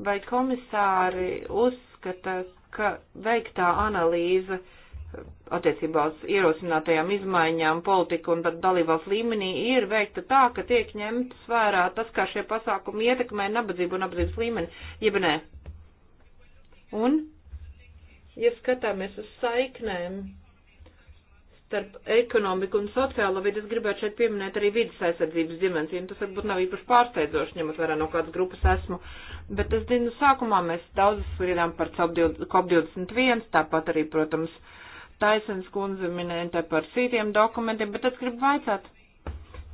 Vai komisāri uzskata, ka veiktā analīze attiecībā uz ierosinātajām izmaiņām politiku un pat dalībās līmenī ir veikta tā, ka tiek ņemts vērā tas, kā šie pasākumi ietekmē nabadzību un nabadzības līmeni, jeb nē. Un, ja skatāmies uz saiknēm starp ekonomiku un sociālo vidi, es gribētu šeit pieminēt arī vidas aizsardzības dimensiju, un tas varbūt nav īpaši pārsteidzoši, ņemot vērā no kādas grupas esmu, bet es zinu, sākumā mēs daudz spriedām par COP21, tāpat arī, protams, Taisens kundze minēja par citiem dokumentiem, bet es gribu vaicāt,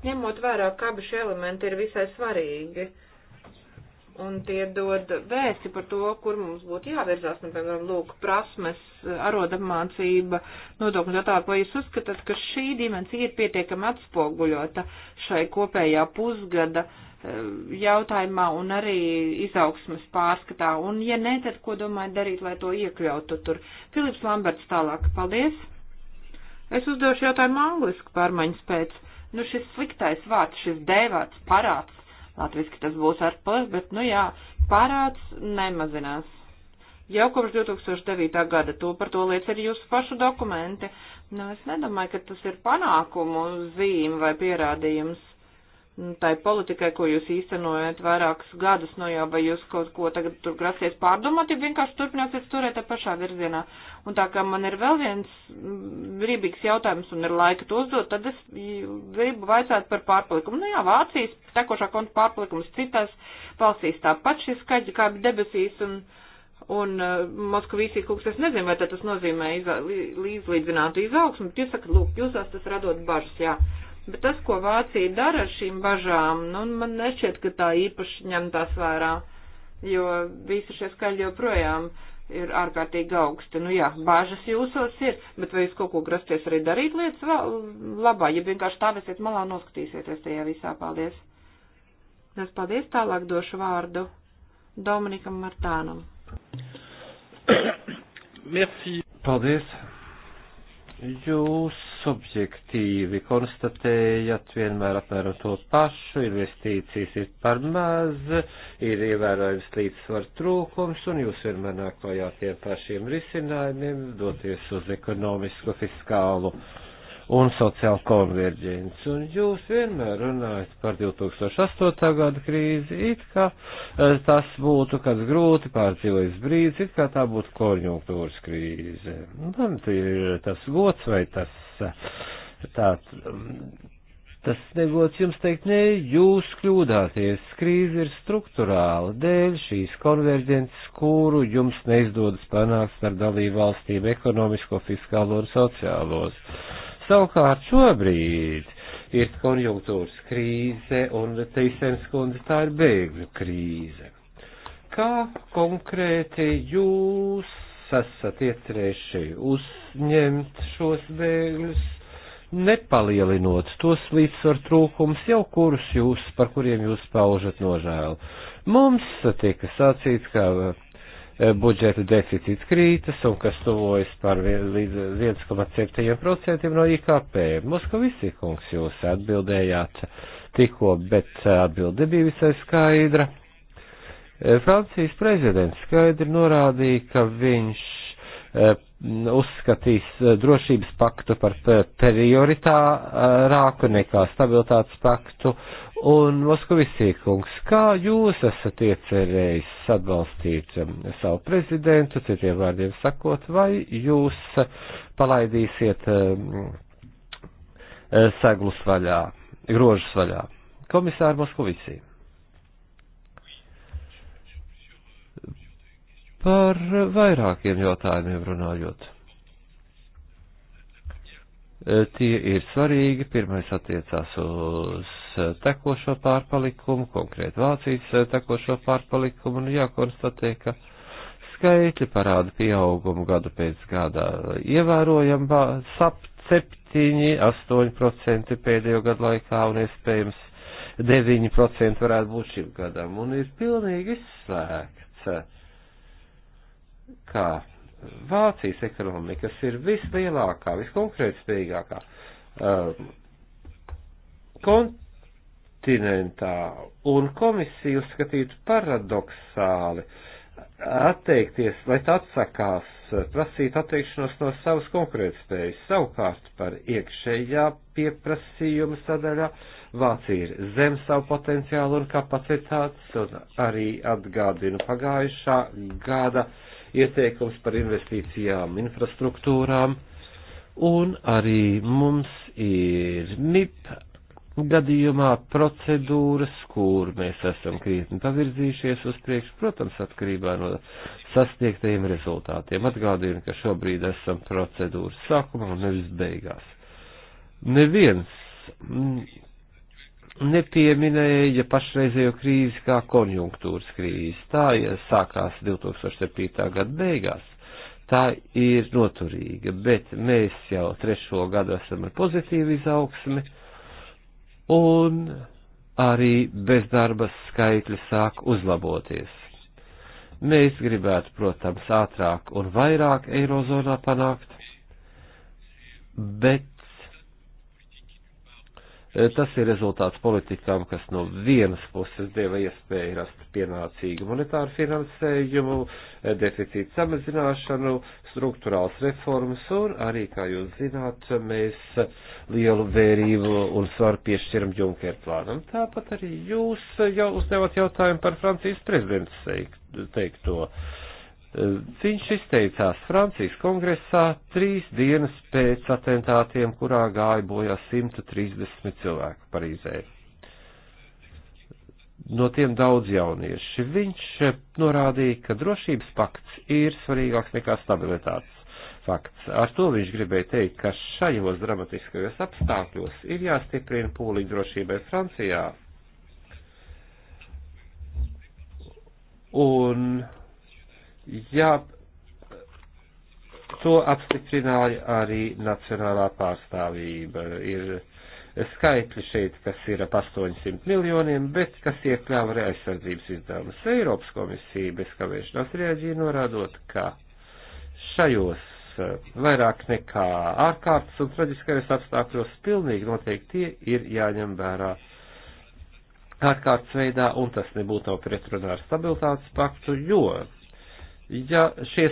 ņemot vērā, ka abi šie elementi ir visai svarīgi. Uh, un tie dod vēsti par to, kur mums būtu jāvirzās, nu, piemēram, lūk, prasmes, arodapmācība, nodokļu tā tālāk, vai jūs uzskatāt, ka šī dimensija ir pietiekami atspoguļota šai kopējā pusgada eh, jautājumā un arī izaugsmas pārskatā, un ja ne, tad ko domājat darīt, lai to iekļautu tur? Filips Lamberts tālāk, paldies! Es uzdošu jautājumu angliski pārmaiņas pēc. Nu, šis sliktais vārds, šis dēvārds, parāds, Latviski tas būs ar plus, bet, nu jā, pārāds nemazinās. Jau kopš 2009. gada to par to liec arī jūsu pašu dokumenti. Nu, es nedomāju, ka tas ir panākumu zīme vai pierādījums tai politikai, ko jūs īstenojat vairākus gadus, no jau vai jūs kaut ko tagad tur grasies pārdomāt, ja vienkārši turpināsiet turēt te pašā virzienā. Un tā kā man ir vēl viens brīvīgs mm, jautājums un ir laika to uzdot, tad es gribu vaicāt par pārpalikumu. Nu jā, Vācijas tekošā konta pārpalikums citās valstīs tāpat šis skaļi kā debesīs un, un uh, Moskavīsī kungs, es nezinu, vai tas nozīmē izlīdzinātu izaugsmu, bet jūs sakat, lūk, jūs esat radot bažas, jā. Bet tas, ko Vācija dara ar šīm bažām, nu, man nešķiet, ka tā īpaši ņem tās vērā, jo visi šie skaļi joprojām ir ārkārtīgi augsti. Nu jā, bāžas jūsos ir, bet vai jūs kaut ko grasties arī darīt lietas labā, ja vienkārši stāvēsiet malā un noskatīsieties tajā visā. Paldies! Es paldies tālāk došu vārdu Dominikam Martānam. Merci. Paldies. Jūs subjektīvi konstatējat vienmēr apmēram to pašu, investīcijas ir par maz, ir ievērojams līdzsvar trūkums, un jūs vienmēr nāk klajā tiem pašiem risinājumiem, doties uz ekonomisko fiskālu uh, un sociālu konverģenci. Un jūs vienmēr runājat par 2008. gada krīzi, it kā e, tas būtu kāds grūti pārdzīvojis brīdis, it kā tā būtu konjunktūras krīze. Man nu, ir tas gods vai tas e, tā. Tas negods jums teikt, nē, jūs kļūdāties, krīze ir struktūrāla dēļ šīs konverģences, kuru jums neizdodas panākt ar dalību valstīm ekonomisko, fiskālo un sociālos. Uh, Savukārt šobrīd ir konjunktūras krīze un teisens kundze tā ir bēgļu krīze. Kā konkrēti jūs esat iecerējuši uzņemt šos bēgļus, nepalielinot tos līdzsvaru trūkums jau kurus jūs, par kuriem jūs paužat nožēlu? Mums tika sacīts, ka E, budžeta deficīts krītas un kas tuvojas par līdz 1,7% no IKP. Moskavisi kungs jūs atbildējāt tikko, bet atbilde bija visai skaidra. E, Francijas prezidents skaidri norādīja, ka viņš Eh, uzskatīs eh, drošības paktu par prioritārāku nekā stabilitātes paktu. Un Moskavisī kungs, kā jūs esat iecerējis atbalstīt eh, savu prezidentu, citiem vārdiem sakot, vai jūs palaidīsiet seglus vaļā, grožus vaļā? Komisāri Moskavisī. par vairākiem jautājumiem runājot. E, tie ir svarīgi. Pirmais attiecās uz tekošo pārpalikumu, konkrēti Vācijas tekošo pārpalikumu, un jākonstatē, ka skaitļi parāda pieaugumu gadu pēc gada. Ievērojam sap 7-8% pēdējo gadu laikā un iespējams 9% varētu būt šim gadam, un ir pilnīgi izslēgts ka Vācijas ekonomika, kas ir vislielākā, viskonkrētspējīgākā um, kontinentā, un komisija uzskatītu paradoksāli atteikties, lai tā atsakās prasīt atteikšanos no savas konkurētspējas. Savukārt par iekšējā pieprasījuma sadaļā Vācija ir zem savu potenciālu un kapacitātes, un arī atgādinu pagājušā gada uh, ieteikums par investīcijām infrastruktūrām, un arī mums ir MIP gadījumā procedūras, kur mēs esam krietni pavirzījušies uz priekšu, protams, atkarībā no sasniegtajiem rezultātiem. Atgādinu, ka šobrīd esam procedūras sākumā un nevis beigās. Neviens nepieminēja pašreizējo krīzi kā konjunktūras krīzi. Tā ja sākās 2007. gada beigās. Tā ir noturīga, bet mēs jau trešo gadu esam ar pozitīvu izaugsmi, un arī bezdarba skaitļi sāk uzlaboties. Mēs gribētu, protams, ātrāk un vairāk eirozonā panākt, bet E, tas ir rezultāts politikām, kas no vienas puses deva iespēju rast pienācīgu monetāru finansējumu, e, deficītu samazināšanu, struktūrāls reformas un arī, kā jūs zināt, mēs lielu vērību un svaru piešķiram Junker plānam. Tāpat arī jūs jau uzdevat jautājumu par Francijas prezidents teikto. Teik Viņš izteicās Francijas kongresā trīs dienas pēc atentātiem, kurā gāja bojā 130 cilvēku Parīzē. No tiem daudz jaunieši. Viņš eh, norādīja, ka drošības pakts ir svarīgāks nekā stabilitātes fakts. Ar to viņš gribēja teikt, ka šajos dramatiskajos apstākļos ir jāstiprina pūliņu drošībai Francijā. Un Jā, to apstiprināja arī Nacionālā pārstāvība. Ir skaitļi šeit, kas ir ap 800 miljoniem, bet kas iekļāva arī aizsardzības izdevumus. Eiropas komisija bez kavēšanās rēģīja norādot, ka šajos eh, vairāk nekā ārkārtas un traģiskajos apstākļos pilnīgi noteikti tie ir jāņem vērā ārkārtas veidā, un tas nebūtu nav pretrunā ar stabilitātes paktu, jo Ja šie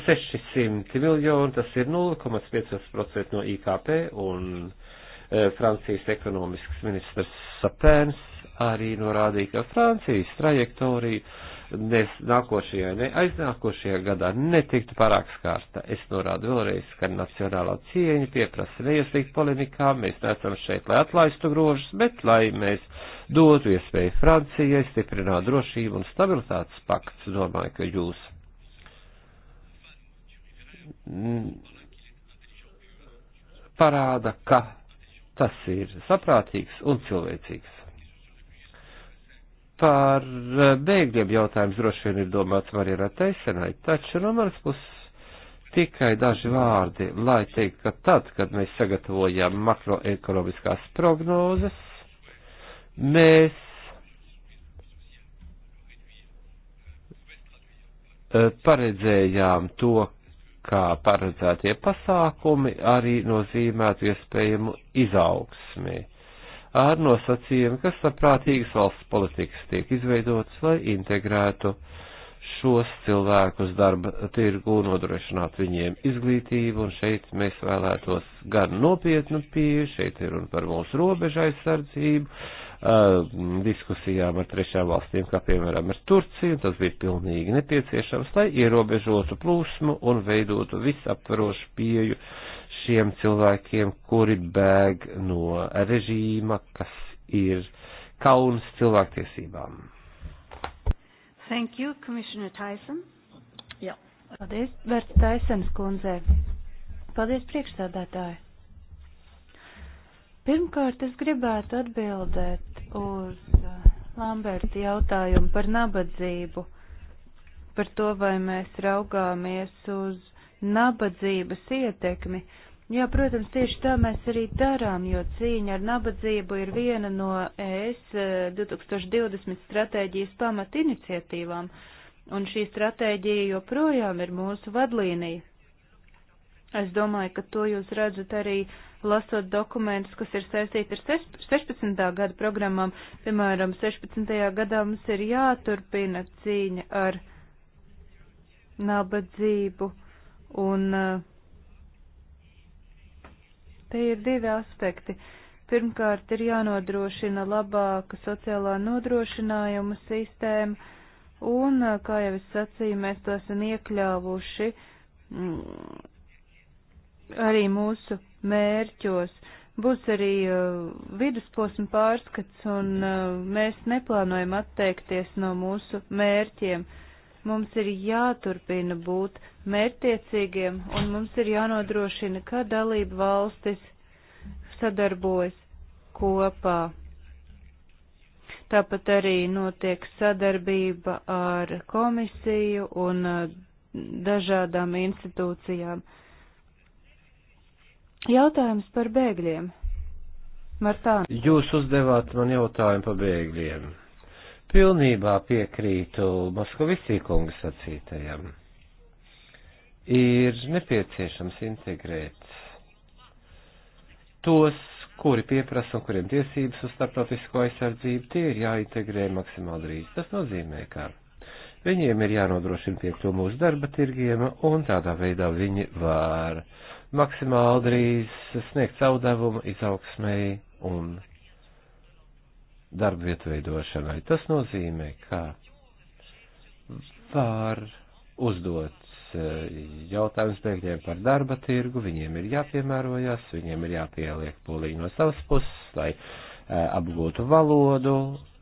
600 miljoni, tas ir 0,5% no IKP, un e, Francijas ekonomisks ministrs Sapēns arī norādīja, ka Francijas trajektorija nes nākošajā, ne aiznākošajā gadā netiktu parāks kārta. Es norādu vēlreiz, ka nacionālā cieņa pieprasa neiestīgt polemikā, mēs neesam šeit, lai atlaistu grožus, bet lai mēs dotu iespēju Francijai stiprināt drošību un stabilitātes pakts, domāju, ka jūs Mm. parāda, ka tas ir saprātīgs un cilvēcīgs. Par eh, bēgļiem jautājums droši vien ir domāts Marijana Teisenai, taču no manas puses tikai daži vārdi, lai teikt, ka tad, kad mēs sagatavojām makroekonomiskās prognozes, mēs eh, paredzējām to, spēkā paredzētie pasākumi arī nozīmētu iespējamu izaugsmi ar nosacījumu, ka saprātīgas valsts politikas tiek izveidotas, lai integrētu šos cilvēkus darba tirgu, nodrošināt viņiem izglītību, un šeit mēs vēlētos gan nopietnu pieeju, šeit ir un par mūsu robežu aizsardzību, Uh, diskusijām ar trešām valstīm, kā piemēram ar Turciju, tas bija pilnīgi nepieciešams, lai ierobežotu plūsmu un veidotu visaptvarošu pieju šiem cilvēkiem, kuri bēg no režīma, kas ir kauns cilvēktiesībām. Thank you, Commissioner Tyson. Jā. Paldies, Vērts Taisens kundzei. Paldies, priekšsādātāji. Pirmkārt, es gribētu atbildēt uz eh, Lamberta jautājumu par nabadzību, par to, vai mēs raugāmies uz nabadzības ietekmi. Jā, protams, tieši tā mēs arī darām, jo cīņa ar nabadzību ir viena no ES 2020 eh, stratēģijas pamat iniciatīvām, un šī stratēģija joprojām ir mūsu vadlīnija. Es domāju, ka to jūs redzat arī uh, lasot dokumentus, kas ir saistīti ar 16. gada programmām. Piemēram, 16. gadā mums ir jāturpina cīņa ar nabadzību un eh, te ir divi aspekti. Pirmkārt, ir jānodrošina labāka sociālā nodrošinājuma sistēma, un, eh, kā jau es sacīju, mēs to esam iekļāvuši mm, arī mūsu mērķos. Būs arī uh, vidusposma pārskats, un uh, mēs neplānojam atteikties no mūsu mērķiem. Mums ir jāturpina būt mērķtiecīgiem, un mums ir jānodrošina, ka dalība valstis sadarbojas kopā. Tāpat arī notiek sadarbība ar komisiju un uh, dažādām institūcijām. Uh, Jautājums par bēgļiem. Martāna. Jūs uzdevāt man jautājumu par bēgļiem. Pilnībā piekrītu Moskavisī kunga sacītajam. Ir nepieciešams integrēt tos, kuri pieprasa un kuriem tiesības uz starptautisko aizsardzību, tie ir jāintegrē maksimāli drīz. Tas nozīmē, ka viņiem ir jānodrošina piekļuvu mūsu darba tirgiem, un tādā veidā viņi var maksimāli drīz sniegt savu devumu izaugsmēji un darba vietu veidošanai. Tas nozīmē, ka var uzdot eh, jautājums bēgļiem par darba tirgu, viņiem ir jāpiemērojas, viņiem ir jāpieliek pūliņi no savas puses, lai eh, apgūtu valodu,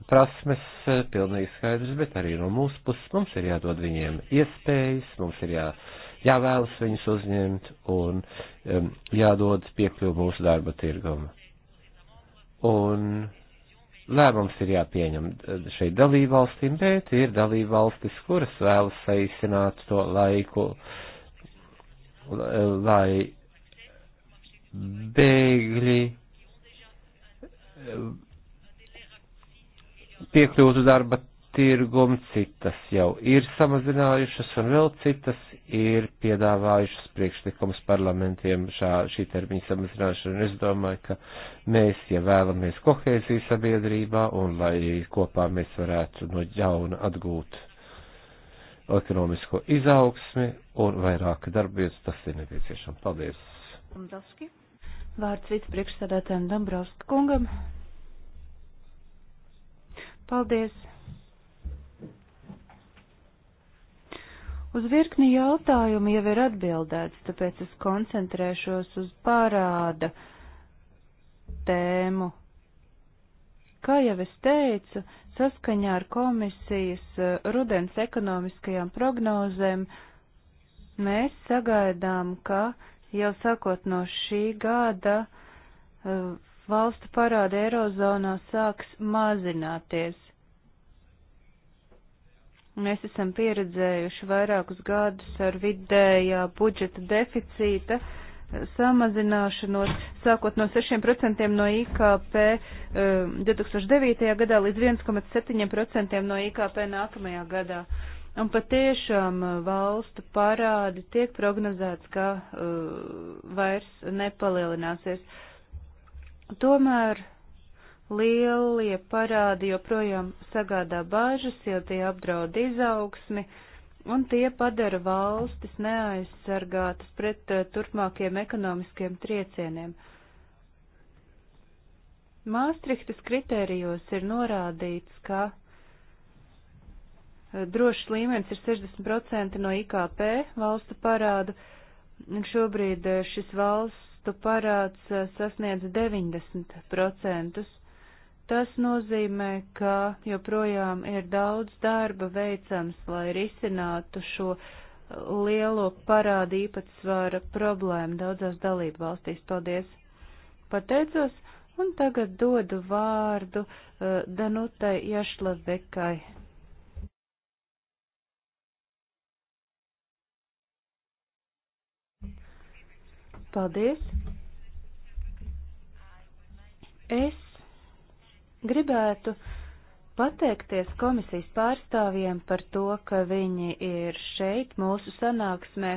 prasmes, eh, pilnīgi skaidrs, bet arī no mūsu puses mums ir jādod viņiem iespējas, mums ir jādod jāvēlas viņus uzņemt un um, jādod piekļuvu mūsu darba tirgumu. Un lēmums ir jāpieņem šeit dalībvalstīm, bet ir dalībvalstis, kuras vēlas saīsināt to laiku, lai bēgļi piekļūtu darba tirgumu, citas jau ir samazinājušas un vēl citas ir piedāvājušas priekšlikumus parlamentiem šā, šī termiņa samazināšana. Es domāju, ka mēs, ja vēlamies kohēziju sabiedrībā un lai kopā mēs varētu no jauna atgūt ekonomisko izaugsmi un vairāk darbvietas, tas ir nepieciešams. Paldies! Dombrovski. Vārds vicepriekšsēdētājiem Dombrovska kungam. Paldies! Uz virkni jautājumu jau ir atbildēts, tāpēc es koncentrēšos uz parāda tēmu. Kā jau es teicu, saskaņā ar komisijas eh, rudens ekonomiskajām prognozēm mēs sagaidām, ka jau sākot no šī gada eh, valstu parāda Eirozonā sāks mazināties. Mēs esam pieredzējuši vairākus gadus ar vidējā budžeta deficīta samazināšanos, sākot no 6% no IKP 2009. Um, gadā līdz 1,7% no IKP nākamajā gadā. Un patiešām uh, valstu parādi tiek prognozēts, ka uh, vairs nepalielināsies. Tomēr Lielie parādi joprojām sagādā bāžas, jo tie apdraud izaugsmi un tie padara valstis neaizsargātas pret uh, turpmākiem ekonomiskiem triecieniem. Māstrihtas kritērijos ir norādīts, ka eh, drošs līmenis ir 60% no IKP valstu parādu, un šobrīd eh, šis valstu parāds sasniedz 90%. Tas nozīmē, ka joprojām ir daudz darba veicams, lai risinātu šo uh, lielo parādu īpatsvara problēmu daudzās dalību valstīs. Paldies! Pateicos, un tagad dodu vārdu uh, Danutai Jašlavekai. Paldies! Es Gribētu pateikties komisijas pārstāvjiem par to, ka viņi ir šeit mūsu sanāksmē,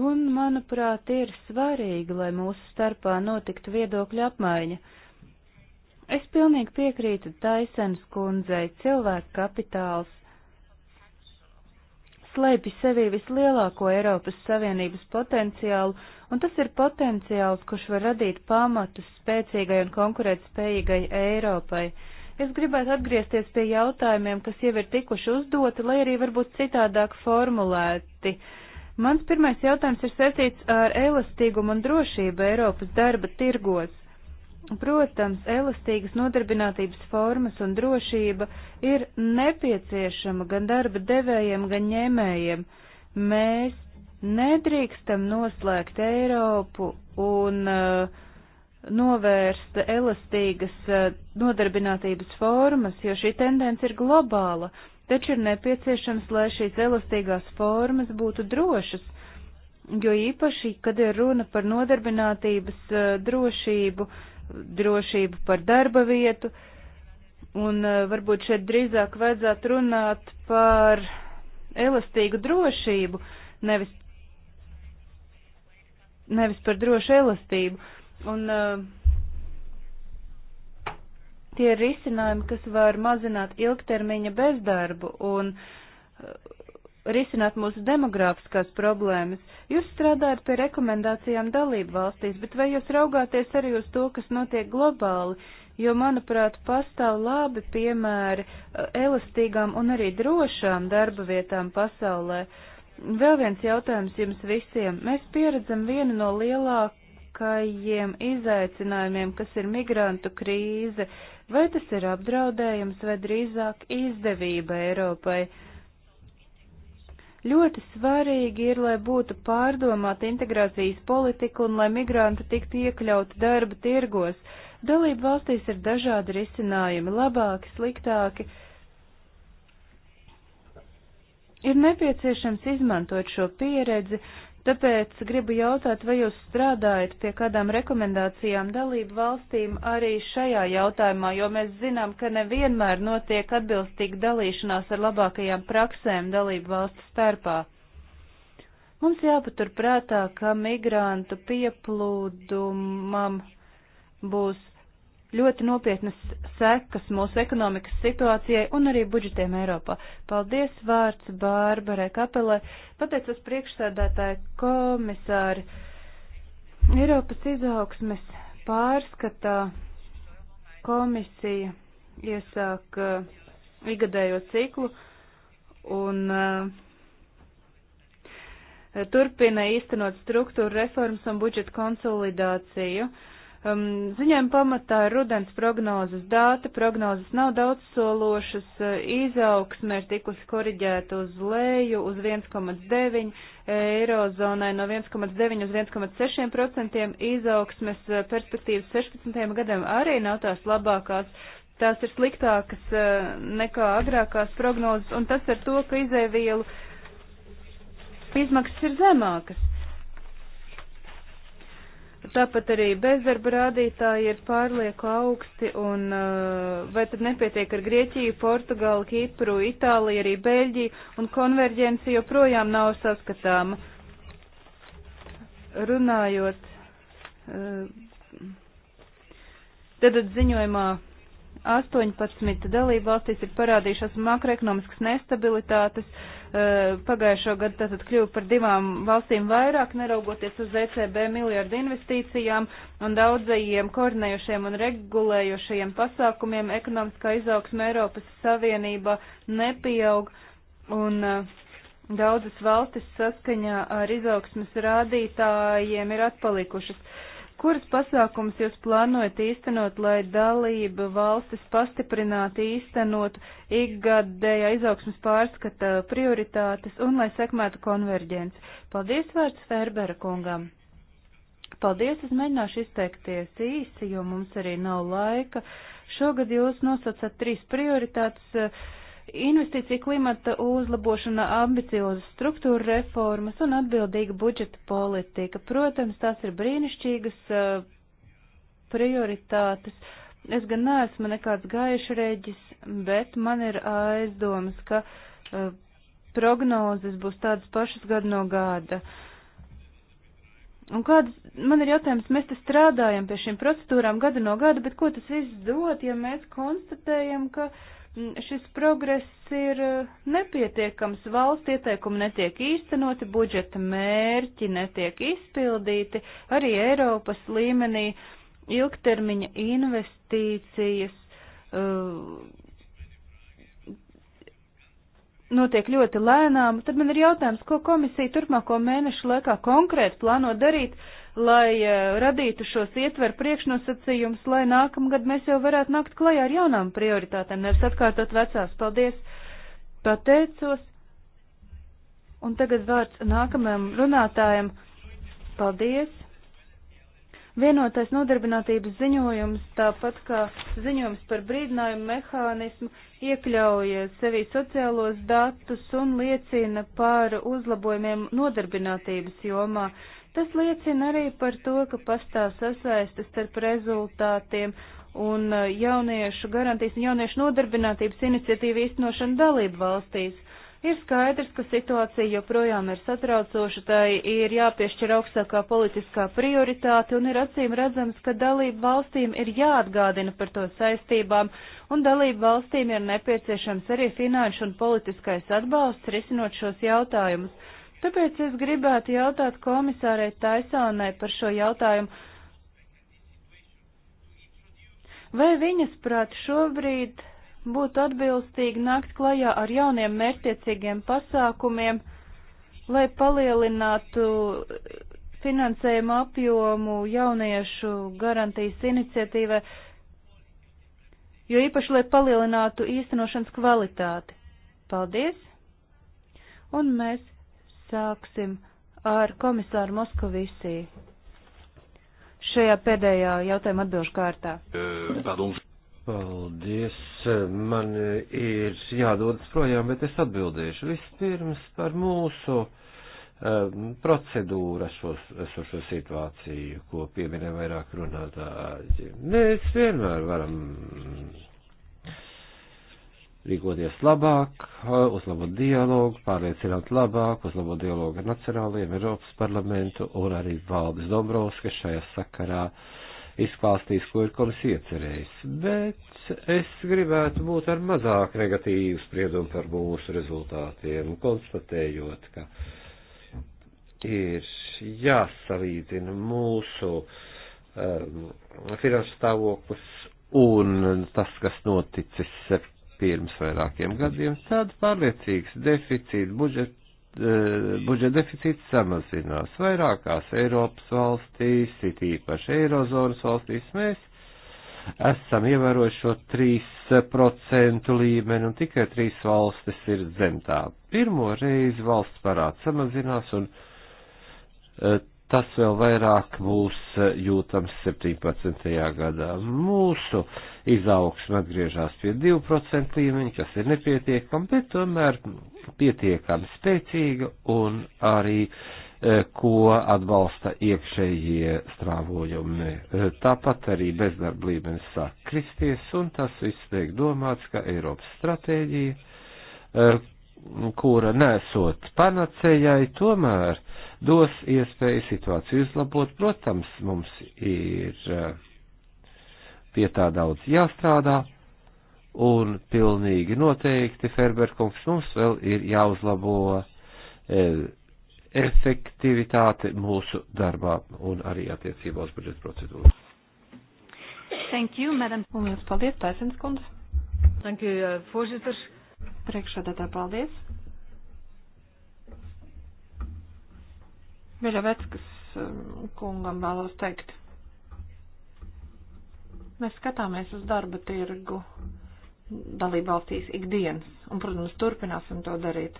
un, manuprāt, ir svarīgi, lai mūsu starpā notiktu viedokļu apmaiņa. Es pilnīgi piekrītu Taisens kundzei, cilvēku kapitāls slēpj sevī vislielāko Eiropas Savienības potenciālu, un tas ir potenciāls, kurš var radīt pamatus spēcīgai un konkurētspējīgai Eiropai. Es gribētu atgriezties pie jautājumiem, kas jau ir tikuši uzdoti, lai arī varbūt citādāk formulēti. Mans pirmais jautājums ir saistīts ar elastīgumu un drošību Eiropas darba tirgos. Protams, elastīgas nodarbinātības formas un drošība ir nepieciešama gan darba devējiem, gan ņēmējiem. Mēs nedrīkstam noslēgt Eiropu un uh, novērst elastīgas uh, nodarbinātības formas, jo šī tendence ir globāla, taču ir nepieciešams, lai šīs elastīgās formas būtu drošas, jo īpaši, kad ir runa par nodarbinātības uh, drošību, uh, drošību par darba vietu, un eh, varbūt šeit drīzāk vajadzētu runāt par elastīgu drošību, nevis, nevis par drošu elastību. Un uh, tie ir risinājumi, kas var mazināt ilgtermiņa bezdarbu un uh, risināt mūsu demogrāfiskās problēmas. Jūs strādājat pie rekomendācijām dalību valstīs, bet vai jūs raugāties arī uz to, kas notiek globāli? Jo, manuprāt, pastāv labi piemēri uh, elastīgām un arī drošām darba vietām pasaulē. Vēl viens jautājums jums visiem. Mēs pieredzam vienu no lielākajiem izaicinājumiem, kas ir migrantu krīze. Vai tas ir apdraudējums vai drīzāk izdevība Eiropai? Ļoti svarīgi ir, lai būtu pārdomāta integrācijas politika un lai migranti tiktu iekļauti darba tirgos. Dalību valstīs ir dažādi risinājumi - labāki, sliktāki. Ir nepieciešams izmantot šo pieredzi, Tāpēc gribu jautāt, vai jūs strādājat pie kādām rekomendācijām dalību valstīm arī šajā jautājumā, jo mēs zinām, ka nevienmēr notiek atbilstīga dalīšanās ar labākajām praksēm dalību valstu starpā. Mums jāpatur prātā, ka migrantu pieplūdumam būs ļoti nopietnas sekas mūsu ekonomikas situācijai un arī budžetiem Eiropā. Paldies vārds Bārbarai Kapelai, pateicos priekšsēdētāju komisāri. Eiropas izaugsmes pārskatā komisija iesāk uh, igadējo ciklu un uh, turpina īstenot struktūra reformas un budžeta konsolidāciju. Uh, Um, ziņojuma pamatā ir rudens prognozes dāta, prognozes nav daudz sološas, uh, izaugsme ir tikusi koriģēta uz leju uz 1,9, eirozonai no 1,9 uz 1,6%, izaugsmes uh, perspektīvas 16. gadam arī nav tās labākās, tās ir sliktākas uh, nekā agrākās prognozes, un tas ar to, ka izēvielu izmaksas ir zemākas. Tāpat arī bezdarba rādītāji ir pārlieku augsti, un uh, vai tad nepietiek ar Grieķiju, Portugālu, Kipru, Itāliju, arī Beļģiju, un konverģence joprojām nav saskatāma. Runājot, uh, tad ziņojumā 18 dalību valstīs ir parādījušās makroekonomiskas nestabilitātes. Eh, pagājušo gadu tātad kļuva par divām valstīm vairāk, neraugoties uz ECB miljardu investīcijām un daudzajiem koordinējušiem un regulējušajiem pasākumiem. Ekonomiskā izaugsme Eiropas Savienība nepieaug un eh, daudzas valstis saskaņā ar izaugsmes rādītājiem ir atpalikušas. Kuras pasākums jūs plānojat īstenot, lai dalība valstis pastiprinātu īstenot ikgadējā izaugsmas pārskata prioritātes un lai sekmētu konverģents? Paldies vārds Ferbera kungam. Paldies, es mēģināšu izteikties īsi, jo mums arī nav laika. Šogad jūs nosaucat trīs prioritātes Investīcija klimata uzlabošana, ambiciozas struktūra reformas un atbildīga budžeta politika. Protams, tās ir brīnišķīgas eh, prioritātes. Es gan neesmu nekāds gaišreģis, bet man ir aizdomas, ka eh, prognozes būs tādas pašas gadu no gada. Un kāds, man ir jautājums, mēs te strādājam pie šīm procedūrām gadu no gada, bet ko tas viss dod, ja mēs konstatējam, ka uh, Mm, šis progress ir eh, nepietiekams, valsts ieteikumi netiek īstenoti, budžeta mērķi netiek izpildīti, arī Eiropas līmenī ilgtermiņa investīcijas uh, notiek ļoti lēnām, tad man ir jautājums, ko komisija turpmāko mēnešu laikā konkrēti plāno darīt, uh, lai eh, radītu šos ietveru priekšnosacījumus, lai nākamgad mēs jau varētu nākt klajā ar jaunām prioritātēm, nevis atkārtot vecās. Paldies! Pateicos! Un tagad vārds nākamajam runātājam. Paldies! Vienotais nodarbinātības ziņojums, tāpat kā ziņojums par brīdinājumu mehānismu, iekļauj sevī sociālos datus un liecina par uzlabojumiem nodarbinātības jomā. Tas liecina arī par to, ka pastāv sasaistas starp rezultātiem un uh, jauniešu garantijas un jauniešu nodarbinātības iniciatīvu īstenošanu dalību valstīs. Ir skaidrs, ka situācija joprojām ir satraucoša, tai ir jāpiešķir augstākā politiskā prioritāte un ir acīm redzams, ka dalību valstīm ir jāatgādina par to saistībām un dalību valstīm ir nepieciešams arī finanšu un politiskais atbalsts risinot šos jautājumus. Tāpēc es gribētu jautāt komisārai Taisonai par šo jautājumu. Vai viņas prāt šobrīd būtu atbilstīgi nākt klajā ar jauniem mērķtiecīgiem pasākumiem, lai palielinātu finansējumu apjomu jauniešu garantijas iniciatīvai, jo īpaši, lai palielinātu īstenošanas kvalitāti. Paldies! Un mēs Sāksim ar komisāru Moskavisī. Šajā pēdējā jautājuma atbilžu kārtā. Uh, pardon. Paldies, man ir jādodas projām, bet es atbildēšu. Vispirms par mūsu um, procedūru esošo šo situāciju, ko pieminē vairāk runātāji. Mēs vienmēr varam rīkoties labāk, uzlabot dialogu, pārliecināt labāk, uzlabot dialogu ar nacionālajiem Eiropas parlamentu un arī valdes Dombrovska šajā sakarā izklāstīs, ko ir komisija iecerējis. Bet es gribētu būt ar mazāk negatīvu spriedumu par mūsu rezultātiem, konstatējot, ka ir jāsalīdzina mūsu um, finanšu stāvoklis un tas, kas noticis pirms vairākiem gadiem, tad pārliecīgs deficīts budžeta eh, budžeta deficīts samazinās. Vairākās Eiropas valstīs, it īpaši Eirozonas valstīs, mēs esam ievērojuši šo 3% līmeni un tikai 3 valstis ir zem tā. Pirmo reizi valsts parāds samazinās un eh, tas vēl vairāk būs jūtams 17. gadā. Mūsu izaugsme atgriežas pie 2% līmeņa, kas ir nepietiekama, bet tomēr pietiekami spēcīga un arī e, ko atbalsta iekšējie strāvojumi. E, tāpat arī bezdarba līmenis sāk kristies, un tas viss tiek domāts, ka Eiropas stratēģija, e, kura nesot panacējai, tomēr uh, dos iespēju situāciju uzlabot. Protams, mums ir eh, pie tā daudz jāstrādā, un pilnīgi noteikti Ferberkungs mums vēl ir jāuzlabo eh, efektivitāte mūsu darbā un arī attiecībā uz budžeta procedūru. Thank you, madam. Un jums paldies, Taisens kundze. Thank you, uh, eh, voorzitter. Priekšādā tā paldies. Beļaveckas um, kungam vēlos teikt. Mēs skatāmies uz darba tirgu dalībvalstīs ikdienas, un, protams, turpināsim to darīt.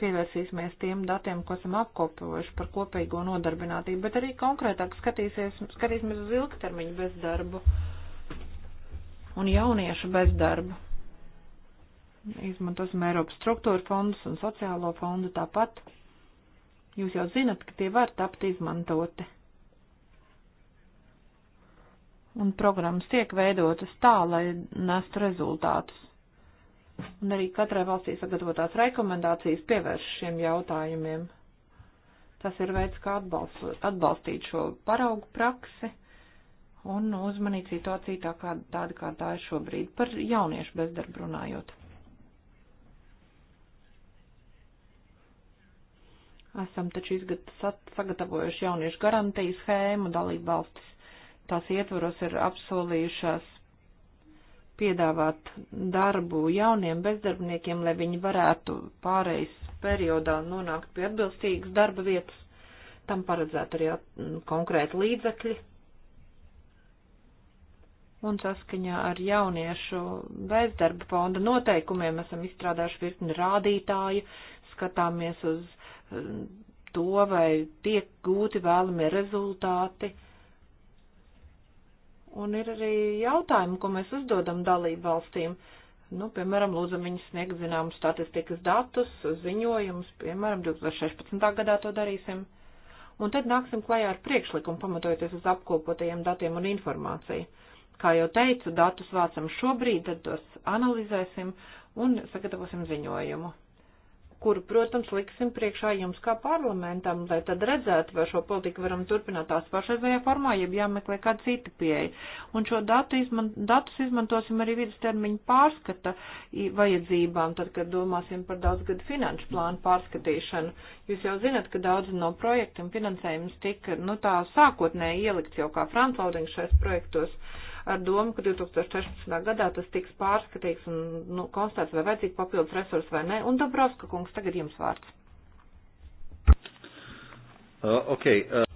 Pievērsīsimies tiem datiem, ko esam apkopojuši par kopīgo nodarbinātību, bet arī konkrētāk skatīsimies uz ilgtermiņu bezdarbu un jauniešu bezdarbu. Izmantosim Eiropas struktūra fondus un sociālo fondu tāpat. Jūs jau zinat, ka tie var tapt izmantoti. Un programmas tiek veidotas tā, lai nestu rezultātus. Un arī katrai valstī sagatavotās rekomendācijas pievērš šiem jautājumiem. Tas ir veids, kā atbalst, atbalstīt šo paraugu praksi un uzmanīt situāciju tā kā, tāda, kā tā ir šobrīd par jauniešu bezdarbu runājot. Esam taču izgat, sagatavojuši jauniešu garantiju schēmu, dalību valstis tās ietvaros ir apsolījušās piedāvāt darbu jauniem bezdarbniekiem, lai viņi varētu pārejas periodā nonākt pie atbilstīgas darba vietas. Tam paredzētu arī konkrēti līdzekļi. Un saskaņā ar jauniešu bezdarba fonda noteikumiem esam izstrādājuši virkni rādītāju, skatāmies uz uh, to, vai tiek gūti vēlamie rezultāti. Un ir arī jautājumi, ko mēs uzdodam dalību valstīm. Nu, piemēram, lūdzam viņus sniegt zinām statistikas datus, ziņojumus, piemēram, 2016. gadā to darīsim. Un tad nāksim klajā ar priekšlikumu, pamatojoties uz apkopotajiem datiem un informāciju. Kā jau teicu, datus vācam šobrīd, tad tos analizēsim un sagatavosim ziņojumu kuru, protams, liksim priekšā jums kā parlamentam, lai tad redzētu, vai šo politiku varam turpināt tās pašreizējā formā, ja jāmeklē kāda cita pieeja. Un šo datu izman, datus izmantosim arī vidustermiņu pārskata vajadzībām, tad, kad domāsim par daudzgadu finanšu plānu pārskatīšanu. Jūs jau zinat, ka daudz no projektiem finansējums tika, nu tā sākotnēji ielikts jau kā Franz Laudings šais projektos. Uh, ar domu, ka 2016. gadā tas tiks pārskatīts un nu, konstatēts, vai vajadzīgi papildus resursi vai nē. Un Dobrovska kungs, tagad jums vārds. Uh, okay, uh...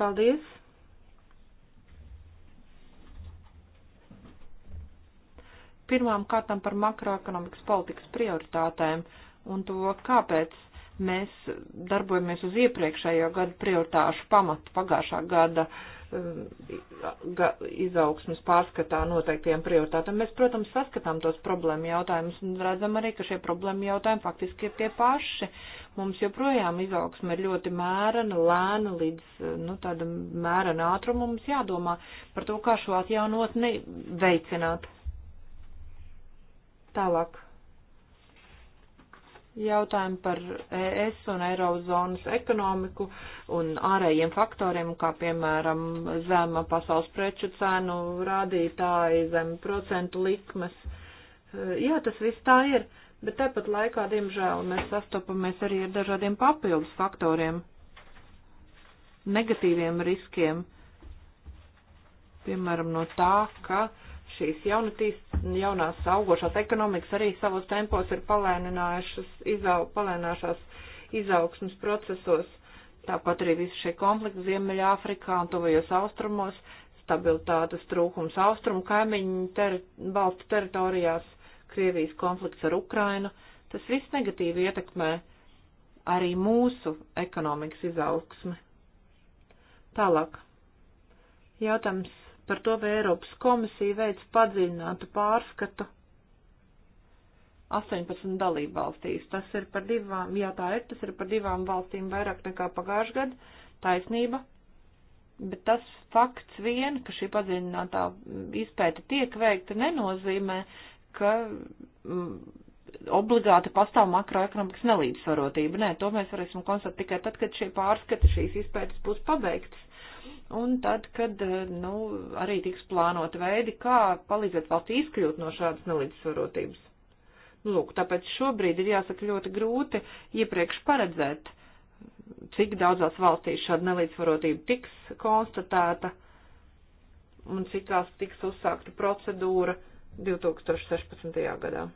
Paldies. Pirmām kārtām par makroekonomikas politikas prioritātēm un to, kāpēc mēs darbojamies uz iepriekšējo gadu prioritāšu pamatu pagājušā gada uh, Um, izaugsmas pārskatā noteiktiem prioritātiem. Mēs, protams, saskatām tos problēmu jautājumus un redzam arī, ka šie problēmu jautājumi faktiski ir tie paši. Mums joprojām izaugsme ir ļoti mērena, lēna līdz nu, tādam mērena ātrumam. Mums jādomā par to, kā šo atjaunotni veicināt. Tālāk jautājumu par ES un Eirozonas ekonomiku un ārējiem faktoriem, kā piemēram zema pasaules preču cenu rādītāji, zem procentu likmes. Eh, jā, tas viss tā ir, bet tāpat laikā, diemžēl, mēs sastopamies arī ar dažādiem papildus faktoriem, negatīviem riskiem, piemēram, no tā, ka šīs jaunatīst jaunās augošās ekonomikas arī savos tempos ir palēninājušas izau, palēnināšās izaugsmas procesos. Tāpat arī visi šie konflikti Ziemeļā Afrikā un tuvajos austrumos, stabilitātes trūkums austrumu kaimiņu ter, valstu teritorijās, Krievijas konflikts ar Ukrainu, tas viss negatīvi ietekmē arī mūsu ekonomikas izaugsmi. Tālāk. Jautājums par to, vai Eiropas komisija veids padziļinātu pārskatu 18 dalību valstīs. Tas ir par divām, jā tā ir, tas ir par divām valstīm vairāk nekā pagājušajā gadā, taisnība. Bet tas fakts vien, ka šī padziļinātā izpēta tiek veikta, nenozīmē, ka mm, obligāti pastāv makroekonomikas nelīdzsvarotība. Nē, to mēs varēsim konstatēt tikai tad, kad šie pārskati, šīs izpētes būs pabeigtas un tad, kad, eh, nu, arī tiks plānot veidi, kā palīdzēt valsts izkļūt no šādas nelīdzsvarotības. Nu, lūk, tāpēc šobrīd ir jāsaka ļoti grūti iepriekš paredzēt, cik daudzās valstīs šāda nelīdzsvarotība tiks konstatēta un cikās tiks uzsākta procedūra 2016. gadā.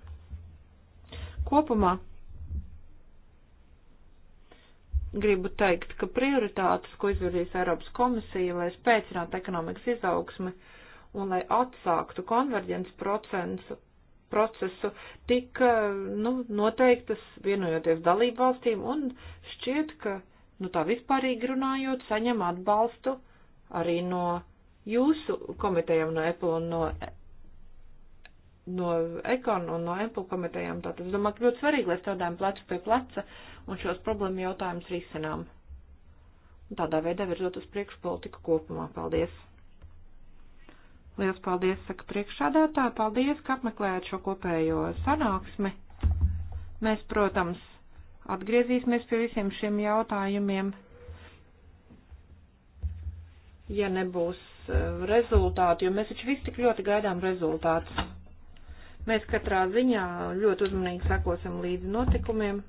Kopumā gribu teikt, ka prioritātes, ko izvirzīs Eiropas komisija, lai spēcinātu ekonomikas izaugsmi un lai atsāktu konverģents procentu, procesu, tika eh, nu, noteiktas vienojoties dalību valstīm un šķiet, ka nu, tā vispārīgi runājot, saņem atbalstu arī no jūsu komitejām, no Apple un no, no Ekon un no Apple komitejām. Tātad es domāju, ka ļoti svarīgi, lai strādājam plecu pie pleca un šos problēmu jautājumus risinām. Un tādā veidā virzot uz priekšu politiku kopumā. Paldies! Liels paldies, saka priekšādātāji, paldies, ka apmeklējāt šo kopējo sanāksmi. Mēs, protams, atgriezīsimies pie visiem šiem jautājumiem. Ja nebūs eh, rezultāti, jo mēs taču visi tik ļoti gaidām rezultātus. Mēs katrā ziņā ļoti uzmanīgi sekosim līdzi notikumiem.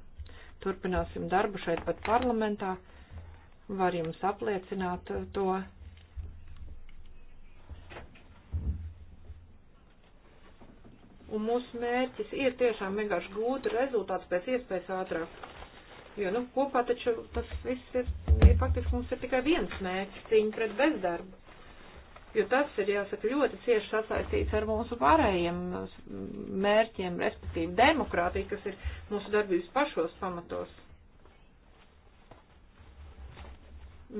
Turpināsim darbu šeit pat parlamentā. Var jums apliecināt to. Un mūsu mērķis ir tiešām vienkārši gūt rezultāts pēc iespējas ātrāk. Jo, nu, kopā taču tas viss ir, ir faktiski mums ir tikai viens mērķis - cīņa pret bezdarbu jo tas ir, jāsaka, ļoti cieši sasaistīts ar mūsu pārējiem mm, mērķiem, respektīvi demokrātija, kas ir mūsu darbības pašos pamatos.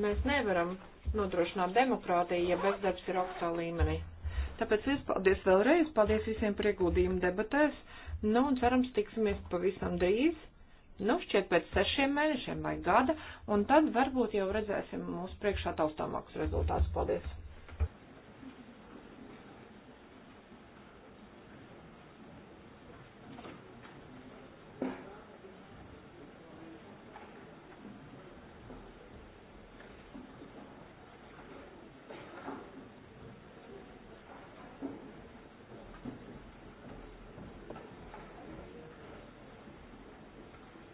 Mēs nevaram nodrošināt demokrātiju, ja bezdarbs ir augstā līmenī. Tāpēc es paldies vēlreiz, paldies visiem par ieguldījumu debatēs, nu un cerams tiksimies pavisam drīz nu, šķiet pēc sešiem mēnešiem vai gada, un tad varbūt jau redzēsim mūsu priekšā taustāmākus rezultātus. Paldies!